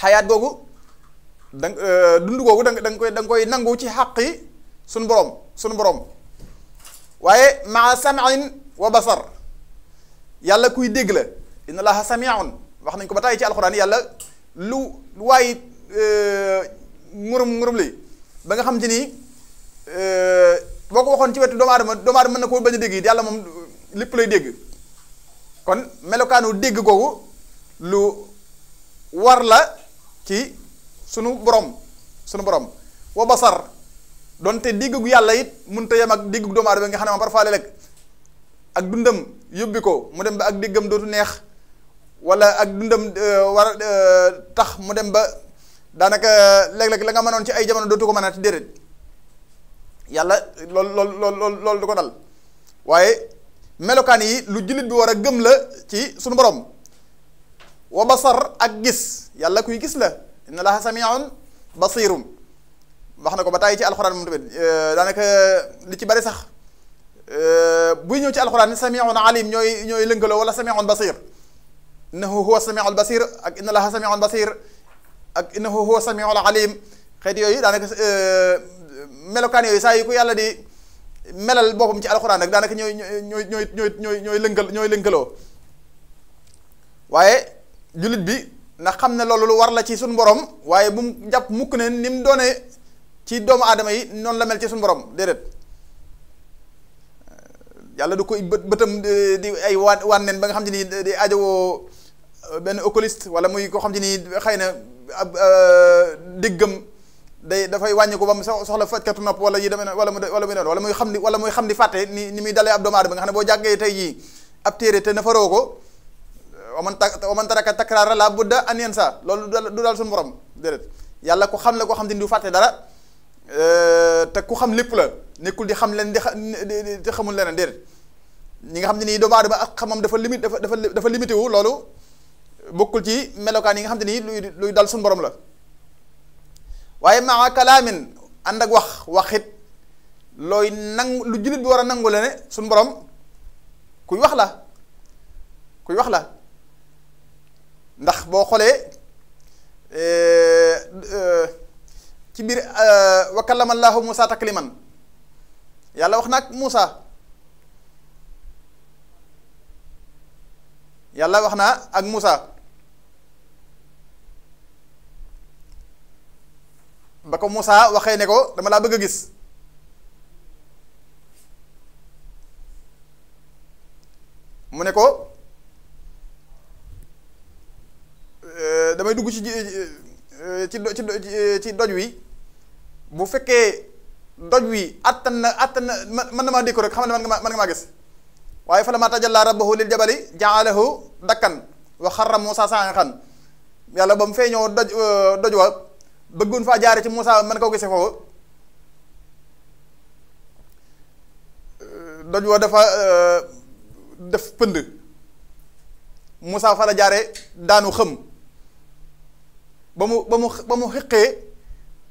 xayaat googu da euh, dund googu da nga koy da koy nangu ci xàq yi suñ borom sunu borom waaye maa samain wa basar yàlla kuy dégg la laa allaha samiun wax nañ ko ba tàyyi ci alxuraan yàlla lu waay euh, ngurum ngurum li ba nga xam te ni euh, boo ko waxoon ci wetu doomu aadama doomu aadama mën na koo bañ a dégg yàlla moom lépp lay dégg. kon melokaanu dégg kooku lu war la ci sunu borom sunu borom wa basar donte déggu yàlla yit mënut te yem ak dégg doomu aadama nga xam ne ma parfois léeg ak dundam yóbbi ko mu dem ba ak déggam dootu neex wala ak dundam euh, war euh, tax mu dem ba daanaka euh, léeg-léeg la nga mënoon ci ay jamono dootu ko mënaat déedéet yàlla lool lool lool lool du ko dal waaye. melokaan yi lu jullit bi war a gëm la ci sunu borom wa basar ak gis yàlla kuy gis la inna allaha samiun basirum wax na ko ba tàyyi ci alxuraan moom tamit euh, daanaka li ci bari sax euh, buy ñëw ci alxuraan samiun alim ñooy ñooy lëngaloo wala samiun basir innahu huwa samiul basir ak inna allaha samiun basir ak innahu huwa samiul alim xeet yooyu daanaka euh, melokaan yooyu saa yi ko yàlla di melal boppam ci alxuraan rek daanaka ñooy ñooy ñooy ñooy ñooy lënkal ñooy lënkaloo waaye jullit bi ndax xam ne loolu lu war la ci suñu boroom waaye bu mu jàpp mukk ne ni mu doonee ci doomu aadama yi noonu la mel ci suñu borom déedéet yàlla du koy bët bëtam di ay waan wànneen ba nga xam te ni di ajowoo euh, benn oculiste wala muy ko xam te ni xëy na ab euh, déggam day dafay wàññi ko ba mu soxla fajkatu nopp wala yi demee wala mu wala muy noonu wala muy xam di wala muy xam di fàtte ni ni muy dalee ab doomu aadama nga xam ne boo jàngee tey jii ab téere te nafaroo ko waman ta waman taraka takraara la budda an yàlla ku xam la koo xam te ni du fàtte dara euh, te ku xam lépp la nekkul di xam leen di xa di xamul leneen déedéet ñi nga xam ne nii doomu aadama ak xamam dafa limite dafa dafa dafa limité wu loolu bokkul ci melokaan yi nga xam te ni luy luy dal suñu borom la waaye maa kalaamin ànd ak wax waxit looy nangu lu jullit bi war a nangu la ne suñu borom kuy wax la kuy wax la ndax boo xoolee eh, eh, ci biir eh, wa kallama allahu Musa takliman yàlla wax na ak Musa yàlla wax na ak Musa ba ko Moussa waxee ne ko dama laa bëgg a gis mu ne ko euh, damay dugg ci euh, ci euh, ci doj wi bu fekkee doj wi attan na attan na mën na maa dékku rek xam ne man nga ma maa gis waaye fa lammaa tajallaa rabbuhu lil jabali ja'alahu dakkan wa xarra Muusaa sa'iqan yàlla ba mu feeñoo doj doj wa bëggoon faa jaare ci Moussa man koo gisee foofu doj wa dafa euh, def pënd Moussa fa la jaare daanu xëm ba mu ba mu mu xiqee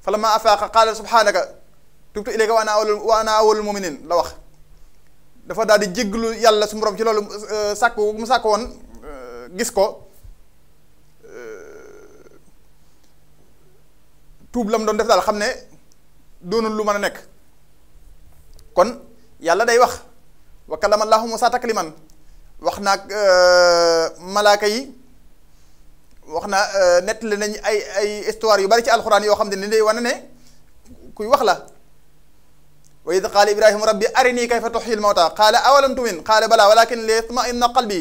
fa la ma afaaqa qaala subhaanaka tubtu ilayka wa ana awwalul wa ana awwalul mu'minin la wax dafa daal di jégglu yàlla su borom ci loolu euh, sàkk mu sàkk woon euh, gis ko tuub la doon def daal xam ne doonul lu ma a nekk kon yàlla day wax wa kalama allahu Musaa takliman wax naag euh, malaaka yi wax naa euh, nettali nañ ay ay histoire yu bari ci alxuraan yoo xam ne ni day wane ne kuy wax la wa id qaala ibrahima rabbi arinii kayfa tuxyil mawta qaala awalam tumin qaala balaa walakin liyatma'inna qalbi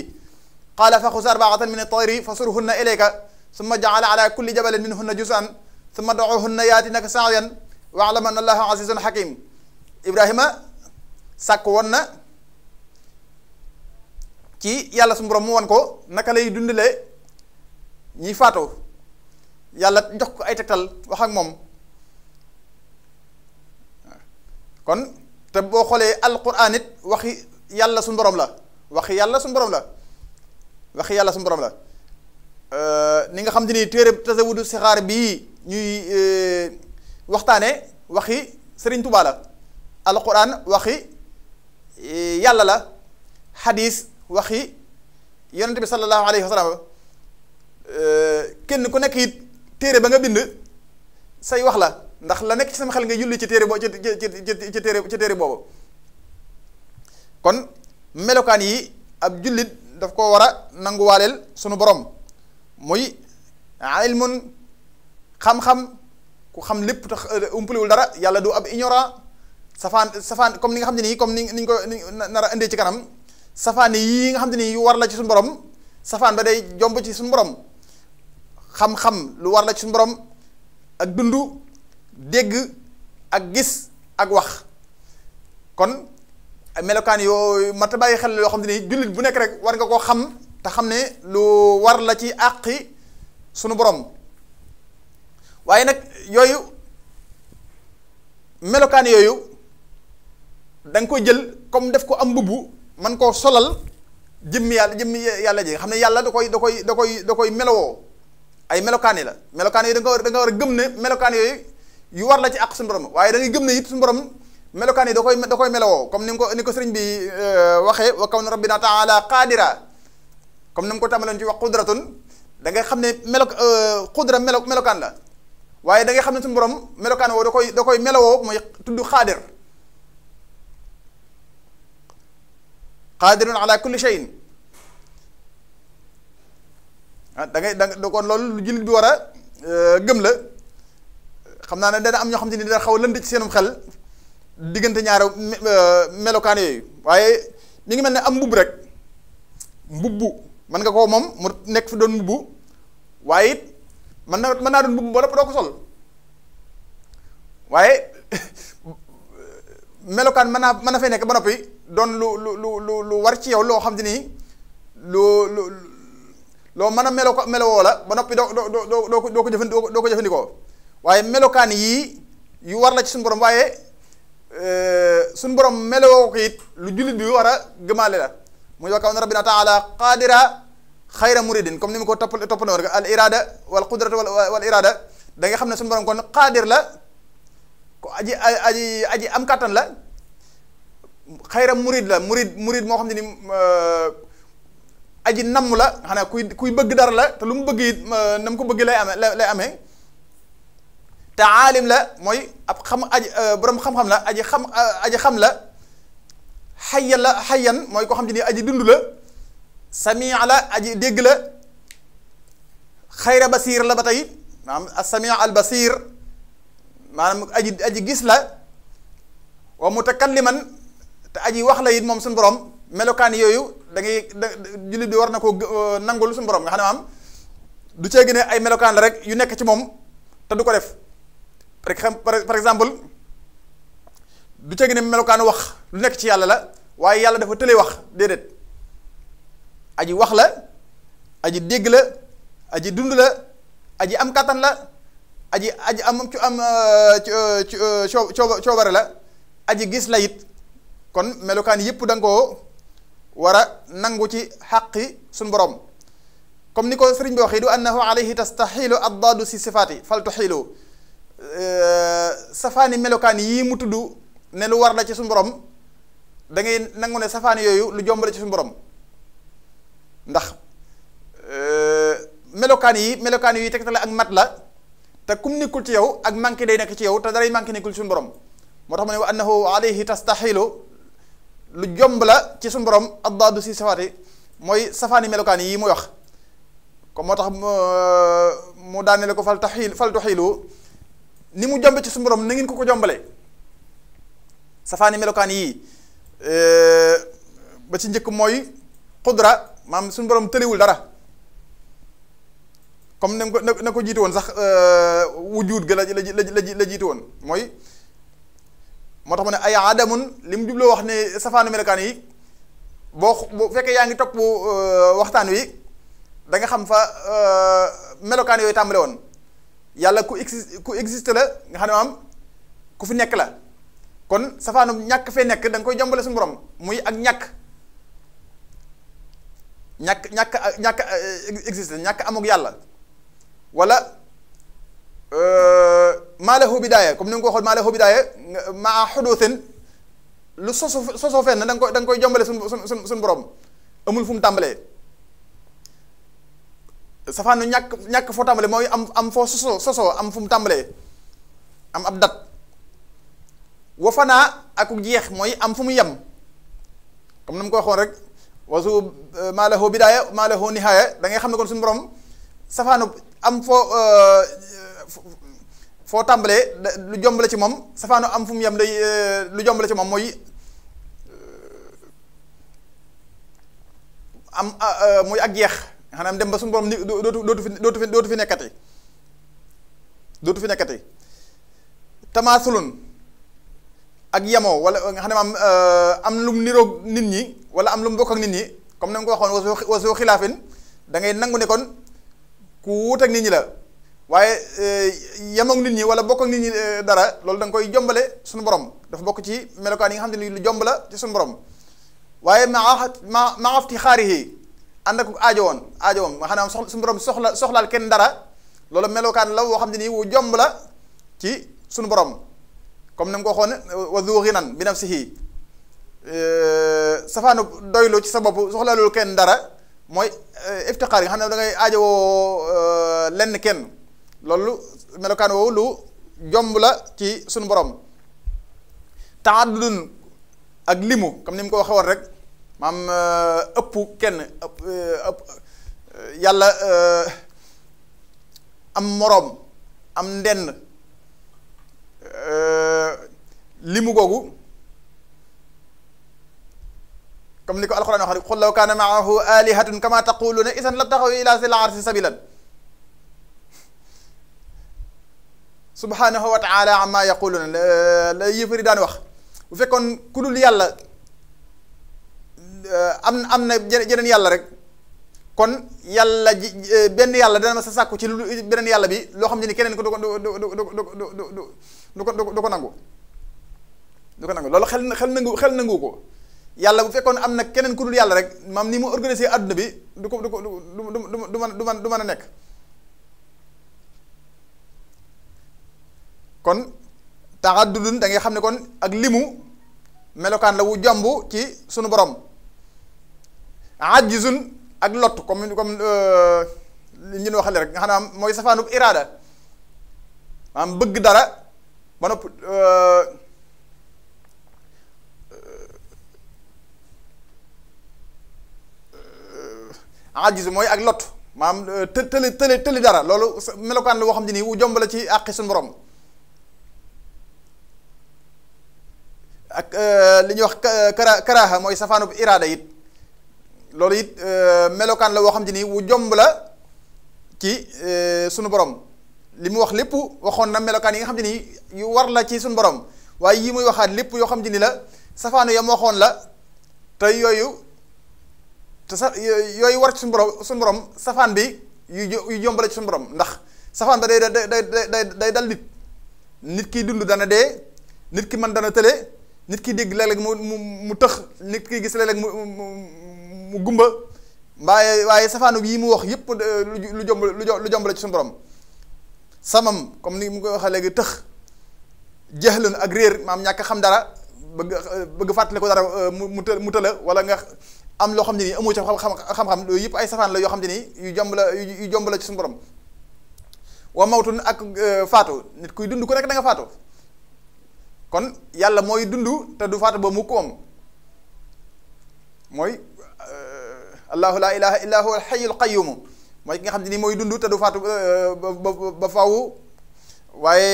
qaala faxuz arbaatan min at-tayri fasurhunna ilayka summa ja'al ala kulli jabalin minhunna juz'an summa da'uhunna yaatinaka sa'yan wa'lam anna allaha azizun hakim Ibrahima sàkk woon na ci yàlla su borom mu won ko naka lay dundalee ñiy faatoo yàlla njox ko ay tegtal wax ak moom kon te boo xoolee alquran it waxi yàlla su borom la waxi yàlla suñu borom la waxi yàlla suñu borom la ni nga xam te ni téere tasawudu sixaar bii ñuy euh, waxtaane waxi Serigne Touba la alquran waxi euh, yàlla la xadis waxi yonente bi sallallahu alayhi wa sallam euh, kenn ku nekk it téere ba nga bind say wax la ndax la nekk ci sama xel nga julli ci téere boo ci ci ci téere ci téere boobu kon melokaan yi ab jullit daf ko war a nanguwaaleel sunu borom muy ilmun xam-xam ku xam lépp tax euh, umpaliwul dara yàlla du ab ignorant safaan safaan comme ni nga xam ne nii comme ni niñ ko ni nar a indee kanam safaan yii nga xam ne nii yu war la ci suñu borom safaan ba day jomb ci suñu borom xam-xam lu war la ci suñu ak dund dégg ak gis ak wax kon melokaan yooyu mat a bàyyi xel yoo xam ne nii bu nekk rek war nga koo xam te xam ne lu war la ci àqi sunu borom. waaye nag yooyu melokaan yooyu da nga jël comme def ko am mbubb man koo solal jëmmi yàlla jëmmi yàlla ji xam ne yàlla da koy da koy da koy da koy melowoo ay melokaan yi la melokaan yooyu danga war da war a gëm ne melokaan yooyu yu war la ci àq suñu borom waaye da ngay gëm ne it suñu borom melokaan yi da koy da koy melowoo comme ni nga ko ni ko sëriñ bi euh, waxee wa kaw na rabbina taala qaadira comme ni mu ko tàmbaloon ci wax qudratun da ngay xam ne melo euh, qudra melo melokaan la waaye da ngay xam ne suñu borom melokaan woo da koy da koy melowoo mooy tudd xaadir xaadirun ala kulli shay'in ah da ngay da nga kon loolu jullit bi war a euh, gëm la xam naa ne dana am ñoo xam te ni dana xaw a lënd ci xel diggante ñaar euh, melokaan yooyu waaye mi ngi mel ne am mbubb rek mbubbu mën nga koo moom mu nekk fi doon mbubbu waaye it man naa mën naa doon mbubb wala doo ko sol waaye melokaan mën naa fee nekk ba noppi doon lu lu lu lu war ci yow loo xam te nii lu lu loo mën a melo ko melowoo la ba noppi doo doo doo doo ko doo ko jëfandikoo doo ko jëfandikoo waaye melokaan yii yu war la ci suñu borom waaye eh, suñu borom melowoo ko it lu jullit bi war a gëmaale la muy wakkaw na rabbina taala qaadira xayra muridin comme ni mu ko topp toppandoo rek al irada wal qudratu wal irada da nga xam ne suñu borom kon xaadir la ko aji aji aji am kàttan la xayra murid la murid murid moo xam ne ni aji nam la xanaa kuy kuy bëgg dara la te lu mu bëgg it na mu ko bëgg lay amee lay ame te aalim la mooy ab xam aj borom xam-xam la aji xam aji xam la xayyan la xayan mooy ko xam ne ni aji dund la samia la aji dégg la xayra basiir la ba tey maanaam as-samia al basiir maanaam aji aji gis la wa mutakalliman te aji wax la it moom suñu borom melokaan yooyu da ngay da jullit bi war na koo euh, nangul suñu borom nga xam ne maam du cee gën ay melokaan la rek yu nekk ci moom te du ko def par exemple du cee ne melokaanu wax lu nekk ci yàlla la waaye yàlla dafa tële wax déedéet. aji wax la aji dégg la aji dund la aji am kàttan la aji aji am ci am euh, euh, euh, coobare la aji gis la it kon melokaan yëpp da ko koo war a nangu ci xaqi sun borom comme ni ko sëriñ bi waxee du annahu alayhi tastaxilu addaadu si sifaati falto tuxilu safaani melokaan yii mu tudd ne lu war la ci suñu borom da ngay nangu ne safaani yooyu lu jomb la ci suñu borom ndax euh, melokaan yi melokaan yi tegtale ak mat la te kum nekkul ci yow ak manqué day nekk ci yow te daray manqué nekkul ci suñu borom moo tax mu ne wa annahu alayhi tastaxilu lu jomb la ci suñu borom addaadu si safaati mooy safaani melokaan yi muy wax comme moo tax mu euh, daane la ko fal taxilu fal tuxilu ni mu jombe ci suñu borom na ngeen ko ko jombale safaani melokaan yi euh, ba ci njëkk mooy qudra maam suñ borom tëliwul dara comme na ko na ko jiite woon sax euh, wujuud ga la la la la jiite woon mooy moo tax mu ne ay adamun li mu jubloo wax ne safaanu melokaan yi boo bu fekkee yaa ngi topp euh, waxtaan wi danga xam fa euh, melokaan yooyu tàmbale woon yàlla ku exi ku existe la nga xam ne maam ku fi nekk la kon safaanu ñàkk fee nekk da nga koy jàmbale suñu borom muy ak ñàkk. ñàkk ñàkk ñàkk euh, existé ñàkk amuk yàlla wala euh, maalahu bidaaya comme ni nga ko waxoon maalahu bidaaya maa xuduthin lu sosu sosoo fenn da nga koy da nga koy jombale suñ suñ suñ borom amul fu mu tàmbalee safaanu ñàkk ñàkk foo tàmbalee mooy am am foo soso sosoo am fu mu tàmbalee am ab dat wafanaa ak jeex mooy am fu mu yem comme ni mu ko waxoon rek wasu maa lahu bidaaya maa lahu nihaaya da ngay xam ne kon suñu borom safaanu am foo foo tàmbalee lu jomb la ci moom safaanu am fu mu yem day lu jomb la ci moom mooy am mooy ak jeex xanaa dem ba suñu borom ni dootu dootu fi dootu fi dootu fi nekkati dootu fi nekkati tamaasulun ak yemoo wala nga xam ne maam euh, am lu mu niroog nit ñi wala am lu mu bokk nit ñi comme na nga ko waxoon wasu wasu xilaafin da ngay nangu ne ku wuut ak nit ñi la waaye euh, yemoog nit ñi wala bokk ak nit ñi euh, dara loolu da koy jombale suñu borom dafa bokk ci melokaan yi nga xam ne lu jomb la ci suñu borom waaye maa maa maa afti xaarihi ànd ak aajo woon aajo woon nga xam ne maam soxla soxlaal kenn dara loolu melokaan la woo xam ne nii wu jomb la ci suñu borom. comme ni mu ko waxoon wa zu ghinan bi nafsihi safaanu doylu ci sa bopp soxlaalul kenn dara mooy iftixaar yi nga xam ne da ngay aajowoo lenn kenn loolu melokaan woowu lu jomb la ci suñu borom taaddudun ak limu comme ni mu ko waxee woon rek maam ëpp kenn ëpp yàlla am moroom am ndenn Euh, limu googu comme ni ko alxuraan wax rek qul law kaana maahu alihatun kama taquluuna isan lattaxaw ila zil arsi sabilan subhanahu wa euh, am am na jeneen yàlla rek kon yàlla ji benn yàlla dana ma sa ci lu beneen yàlla bi loo xam ne ni keneen ko du ko du ko du ko nangu du ko nangu loolu xel xel nangu xel nangu ko yàlla bu fekkoon am na keneen ku dul yàlla rek maam ni mu organisé àdduna bi du ko du ko du du du mën du mën du mën a nekk kon taxaddudun da ngay xam ne kon ak limu melokaan la wu jomb ci sunu borom ajizun ak lot comme comme euh, li ñu waxale rek nga xam ne mooy safaanub iraada maam bëgg dara ba nopp euh, euh, ajizu mooy ak lot maanaam euh, të tëli tëli tëli dara loolu melokaan la woo xam ne wu jomb ci àqi suñu borom li ñuy wax kara karaaha mooy safaanub iraada it loolu it melokaan la woo xam ne nii wu jomb la ci sunu borom li mu wax lépp waxoon na melokaan yi nga xam te ni yu war la ci suñ borom waaye yii muy waxaat lépp yoo xam te ni la safaanu yam waxoon la te yooyu te sa yooyu war ci suñu borom suñu borom safaan bi yu yu jomb la ci suñu borom ndax safaan ba day day day dal nit nit kiy dund dana dee nit ki mën dana tële nit ki dégg léeg-léeg mu mu mu tëx nit ki gis léeg-léeg mu mu mu gumba mbaaye waaye safaanu yi mu wax yëpp lu jomb lu jomb la ci suñu borom. samam comme ni mu koy waxee léegi tëx jeexlun ak réer maam ñàkk xam dara bëgg bëgg fàttali ko dara euh, mu mu të mu tëla wala nga am loo xam ne nii amoo ca xam-xam loolu yëpp ay safaan la yoo xam ne nii yu jomb la yu jomb la ci suñu borom wa mawtun ak euh, faatu nit kuy dund ko nekk da nga faatu kon yàlla mooy dund te du faatu ba mu koom mooy euh, allahu laa ilaha illa huwa alxayyul mooy ki nga xam ne ni mooy dund te du faatu euh, ba ba ba faaw waaye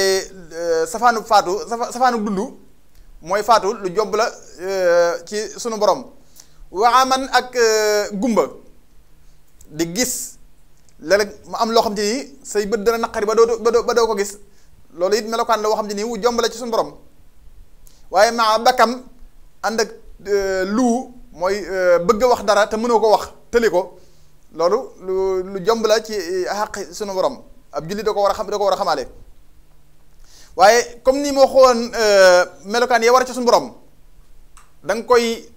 euh, safaanu faatu safaanu dund mooy faatu lu jomb la euh, ci sunu borom waaman ak gumba di gis léeg-léeg mu am loo xam ni say bët dana naqari ba doo ba doo ko gis loolu it melokaan la woo xam te ni wu jomb la ci sunu borom waaye maa bakkam ànd ak luu mooy bëgg a wax dara te mënoo ko wax tëli ko loolu lu lu jomb la ci eh, xaq sunu borom ab julli da ko war a xam da ko war a xamaale waaye comme nii moo xooloon eh, melokaan ya war a ci sunu borom koy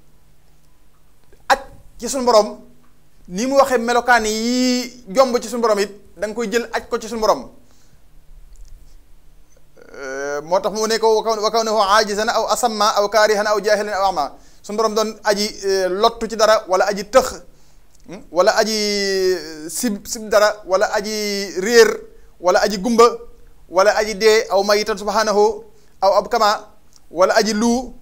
aj ci sunu borom ni mu waxee melokaan yi jomb ci sunu borom it danga koy jël aj ko ci sunu borom eh, moo tax mu ne ko wa kawnahu aajizan aw asamma aw kaarihan aw jaahilan aw ama sunu borom doon aji lottu ci dara wala aji tëx. Hmm? wala aji sib eh, sib dara wala aji réer wala aji gumba wala aji dee aw mayitan subhanahu aw ab kama wala aji lu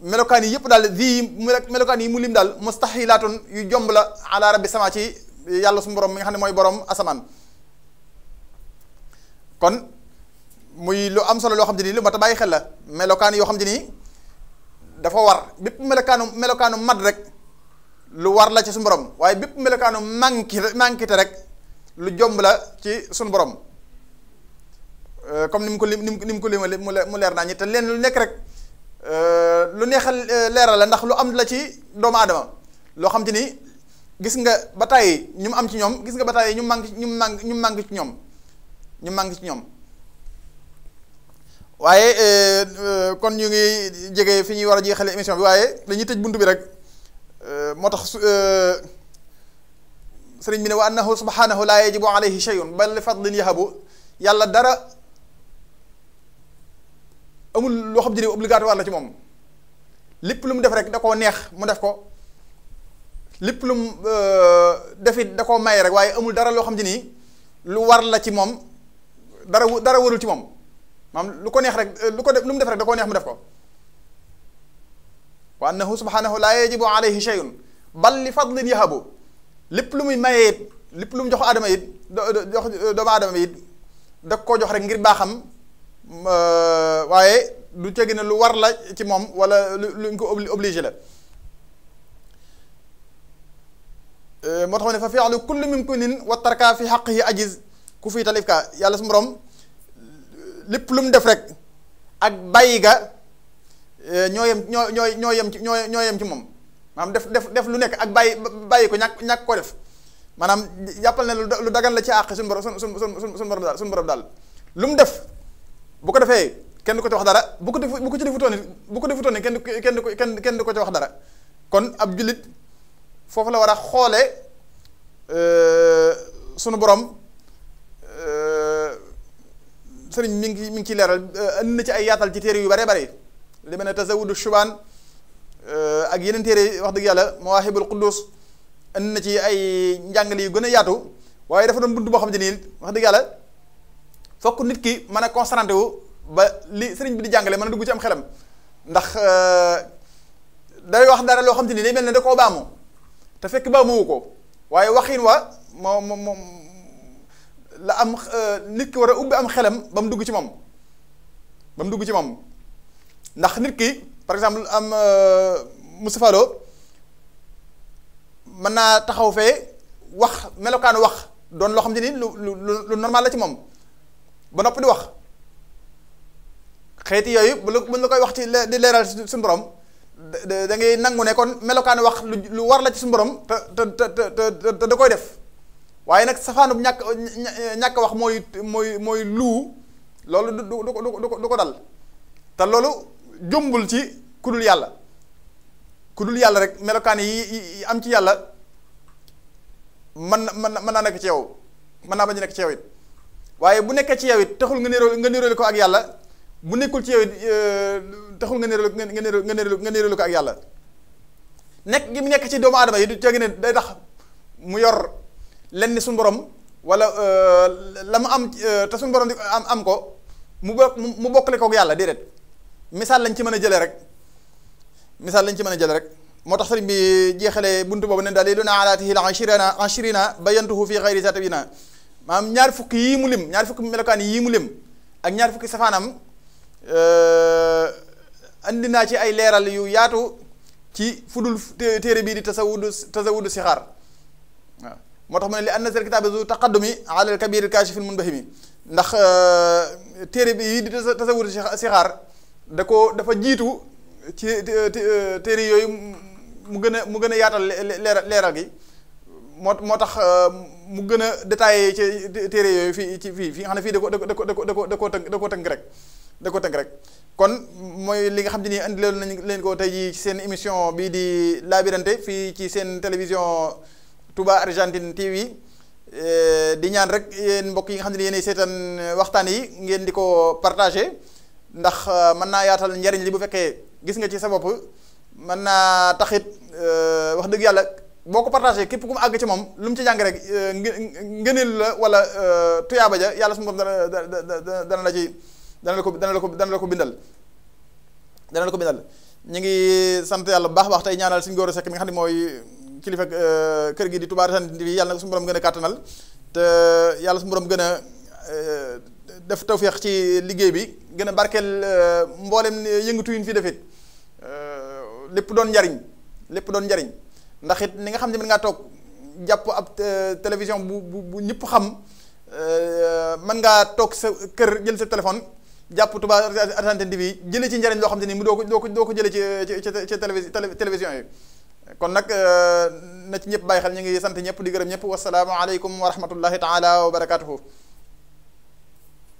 melokaan yi yëpp daal di melokaan yi mu lim daal mustaxilaatun yu jomb la ala rabbi sama ci yàlla suñu borom mi nga mooy borom asamaan kon muy lu am solo loo xam te ni lu ma ta bàyyi xel la melokaan yoo xam te ni dafa war bépp melokaanu melokaanu mat rek. lu war la ci suñu borom waaye bépp melokaanu manqué manqué te rek lu jomb la ci suñu borom euh, comme ni mu ko lim ni mu ko limale mu leer naa ñi te leen lu nekk rek euh, lu neexal euh, leeral la ndax lu am la ci doomu aadama loo xam te ni gis nga ba tàyyi ñu mu am ci ñoom gis nga ba tàyyi ñu manqué ñu manqué ñu manqué ci ñoom ñu manqué ci ñoom waaye kon ñu ngi jege fi ñuy war a jeexale émission bi waaye dañuy tëj bunt bi rek. Euh, moo tax su euh, sëriñ bi ne wa annahu subhanahu laa yajibu alayhi shay'un bal li fadlin yahabu yàlla dara amul loo xam ne obligatoire la ci moom lépp lu mu def rek da koo neex mu def ko lépp lu mu euh, defit da koo may rek waaye amul dara loo xam ne nii lu war la ci moom dara dara warul ci moom maam lu ko neex rek lu ko def lu mu def rek da koo neex mu def ko waa annahu subhanahu laa yajibu alayhi shay'un bal li fadlin yahabu lépp lu muy mayee lépp lu mu jox adama it doomu adama it da koo jox rek ngir baaxam waaye du tegi ne lu war la ci moom wala luñ ko obligé la moo tax ne fa fi'lu kulli mumkinin wa tarka fi haqqihi ajiz ku fii talif ka yàlla su borom lépp lu mu def rek ak bàyyi Eh, ñoo yem ñoo ñoo ñoo yem ci ñoo ñoo yem ci moom maanaam def def def lu nekk ak bàyyi bàyyi ko ñàkk ñàkk ko def maanaam jàppal ne lu dagan la ci àq suñu borom suñu suñu suñu suñu borom daal suñu mu def bu ko defee kenn du ko dara bu ko bu ko ci defutoon bu ko defutoon kenn kenn kenn kenn du ko ci wax dara ab jullit foofu la war a xoolee eh, sunu borom eh, sëriñ mi ngi mi ngi ciy leeral indi na ci ay yaatal ci téere yu bare bare. li mel ne tazawudu shubaan euh, ak yeneen téere wax dëgg yàlla moo mawaahibul quddus indi na ci ay njàngale yu gën a yaatu waaye dafa doon bunt boo xam ne nii wax dëgg yàlla fokk nit ki mën a concentré wu ba li sëriñ bi di jàngale mën a dugg ci am xelam ndax euh, day wax dara loo xam te ni day mel na da koo baamu te fekk baamuwu ko waaye waxin wa moo moo moom la am euh, nit ki war a ubbi am xelam ba mu dugg ci moom ba mu dugg ci moom ndax nit ki par exemple am euh, Moustapha Lo mën naa taxaw fee wax melokaanu wax doon loo xam ne ni lu lu lu la ci moom ba noppi di wax xeeti yooyu bu la bu la koy wax ci di leeral suñu borom da ngay nangu ne kon melokaanu wax lu lu war la ci suñu borom te te te te da koy def waaye nag safaanub ñàkk ñàkk wax mooy mooy mooy luu loolu du du du ko du ko dal te loolu. jombul ci ku yàlla ku yàlla rek melokaan yi am ci yàlla mën na mën na mën naa nekk ci yow mën naa bañ ñu nekk ci yow it waaye bu nekkee ci yow it taxul nga niroo nga nirooli ko ak yàlla bu nekkul ci yow it euh, taxul nga nirooli nga nirooli nga nirooli nga nirooli ko ak yàlla nekk gi mu nekk ci doomu adama yi du cee na day tax mu yor lenn suñu borom wala euh, la mu am euh, te suñu borom am am ko mu bokk mu bokkale ko ak yàlla déedéet. misaal lañ ci mën a jëlee rek misaal lañ ci mën a jëlee rek moo tax sëriñ bi jeexalee buntu boobu ne dalilun ala tihil ashirina ashirina bayantuhu fi xayri satabina maanaam ñaar fukki yii mu lim ñaar fukki melokaan yii mu lim ak ñaar fukki safaanam euh, andi naa ci ay leeral yu yaatu ci fudul téere bii di tasawudu tasawudu sixaar waaw moo tax mu ne li anna sal kitaabe zu taqaddumi ala al kabir al kashif al munbahimi ndax euh, téere bii di tasawudu sixaar da ko dafa jiitu ci téere yooyu mu gën a mu gën a yaatal leeral leeral gi moo moo tax euh, mu gën a détaillé ci téere yooyu fii ci fii fi nga xam ne fii da ko da ko da ko da ko da tënk rek da ko tënk rek kon mooy li nga xam ne ni andi nañu nañ leen ko tey ci seen émission bii di Labirante fii ci seen télévision Touba Argentine TV euh, di ñaan rek yéen mbokk yi nga xam ne yéenay seetaan waxtaan yi ngeen di ko partagé ndax euh, mën naa yaatal njariñ li bu fekkee gis nga ci sa bopp mën naa taxit euh, wax dëgg yàlla boo ko partagé képp ku mu àgg ci moom lu mu ci jàng rek euh, ngëneel la wala tuyaaba ja yàlla su ma dana dana dana la ko dana la ko dana la ko bindal dana la ko bindal ñu ngi sant yàlla bu baax baax tey ñaanal suñu góor a sekk mi nga xam ne mooy kilifa kër gi di Touba Argentine TV yàlla su ko suñu borom gën a kàttanal te yàlla suñu borom gën a. def tawféex ci liggéey bi gën a barkeel euh, mboolem yëngatu yu ñu fi defit euh, lépp doon njariñ lépp doon njariñ ndax it ni nga xam ne mën ngaa toog jàpp ab euh, télévision bu bu bu ñëpp xam mën ngaa toog sa kër jël sa téléphone jàpp Touba Argentine TV jëlee ci njariñ loo xam te ni mu doo ko doo ko doo ko jëlee ci ci ci télévision yi kon nag na ci ñëpp bàyyi xel ñu ngi sant ñëpp di gërëm ñëpp wasalaamaaleykum wa rahmatullahi taala wa barakaatuhu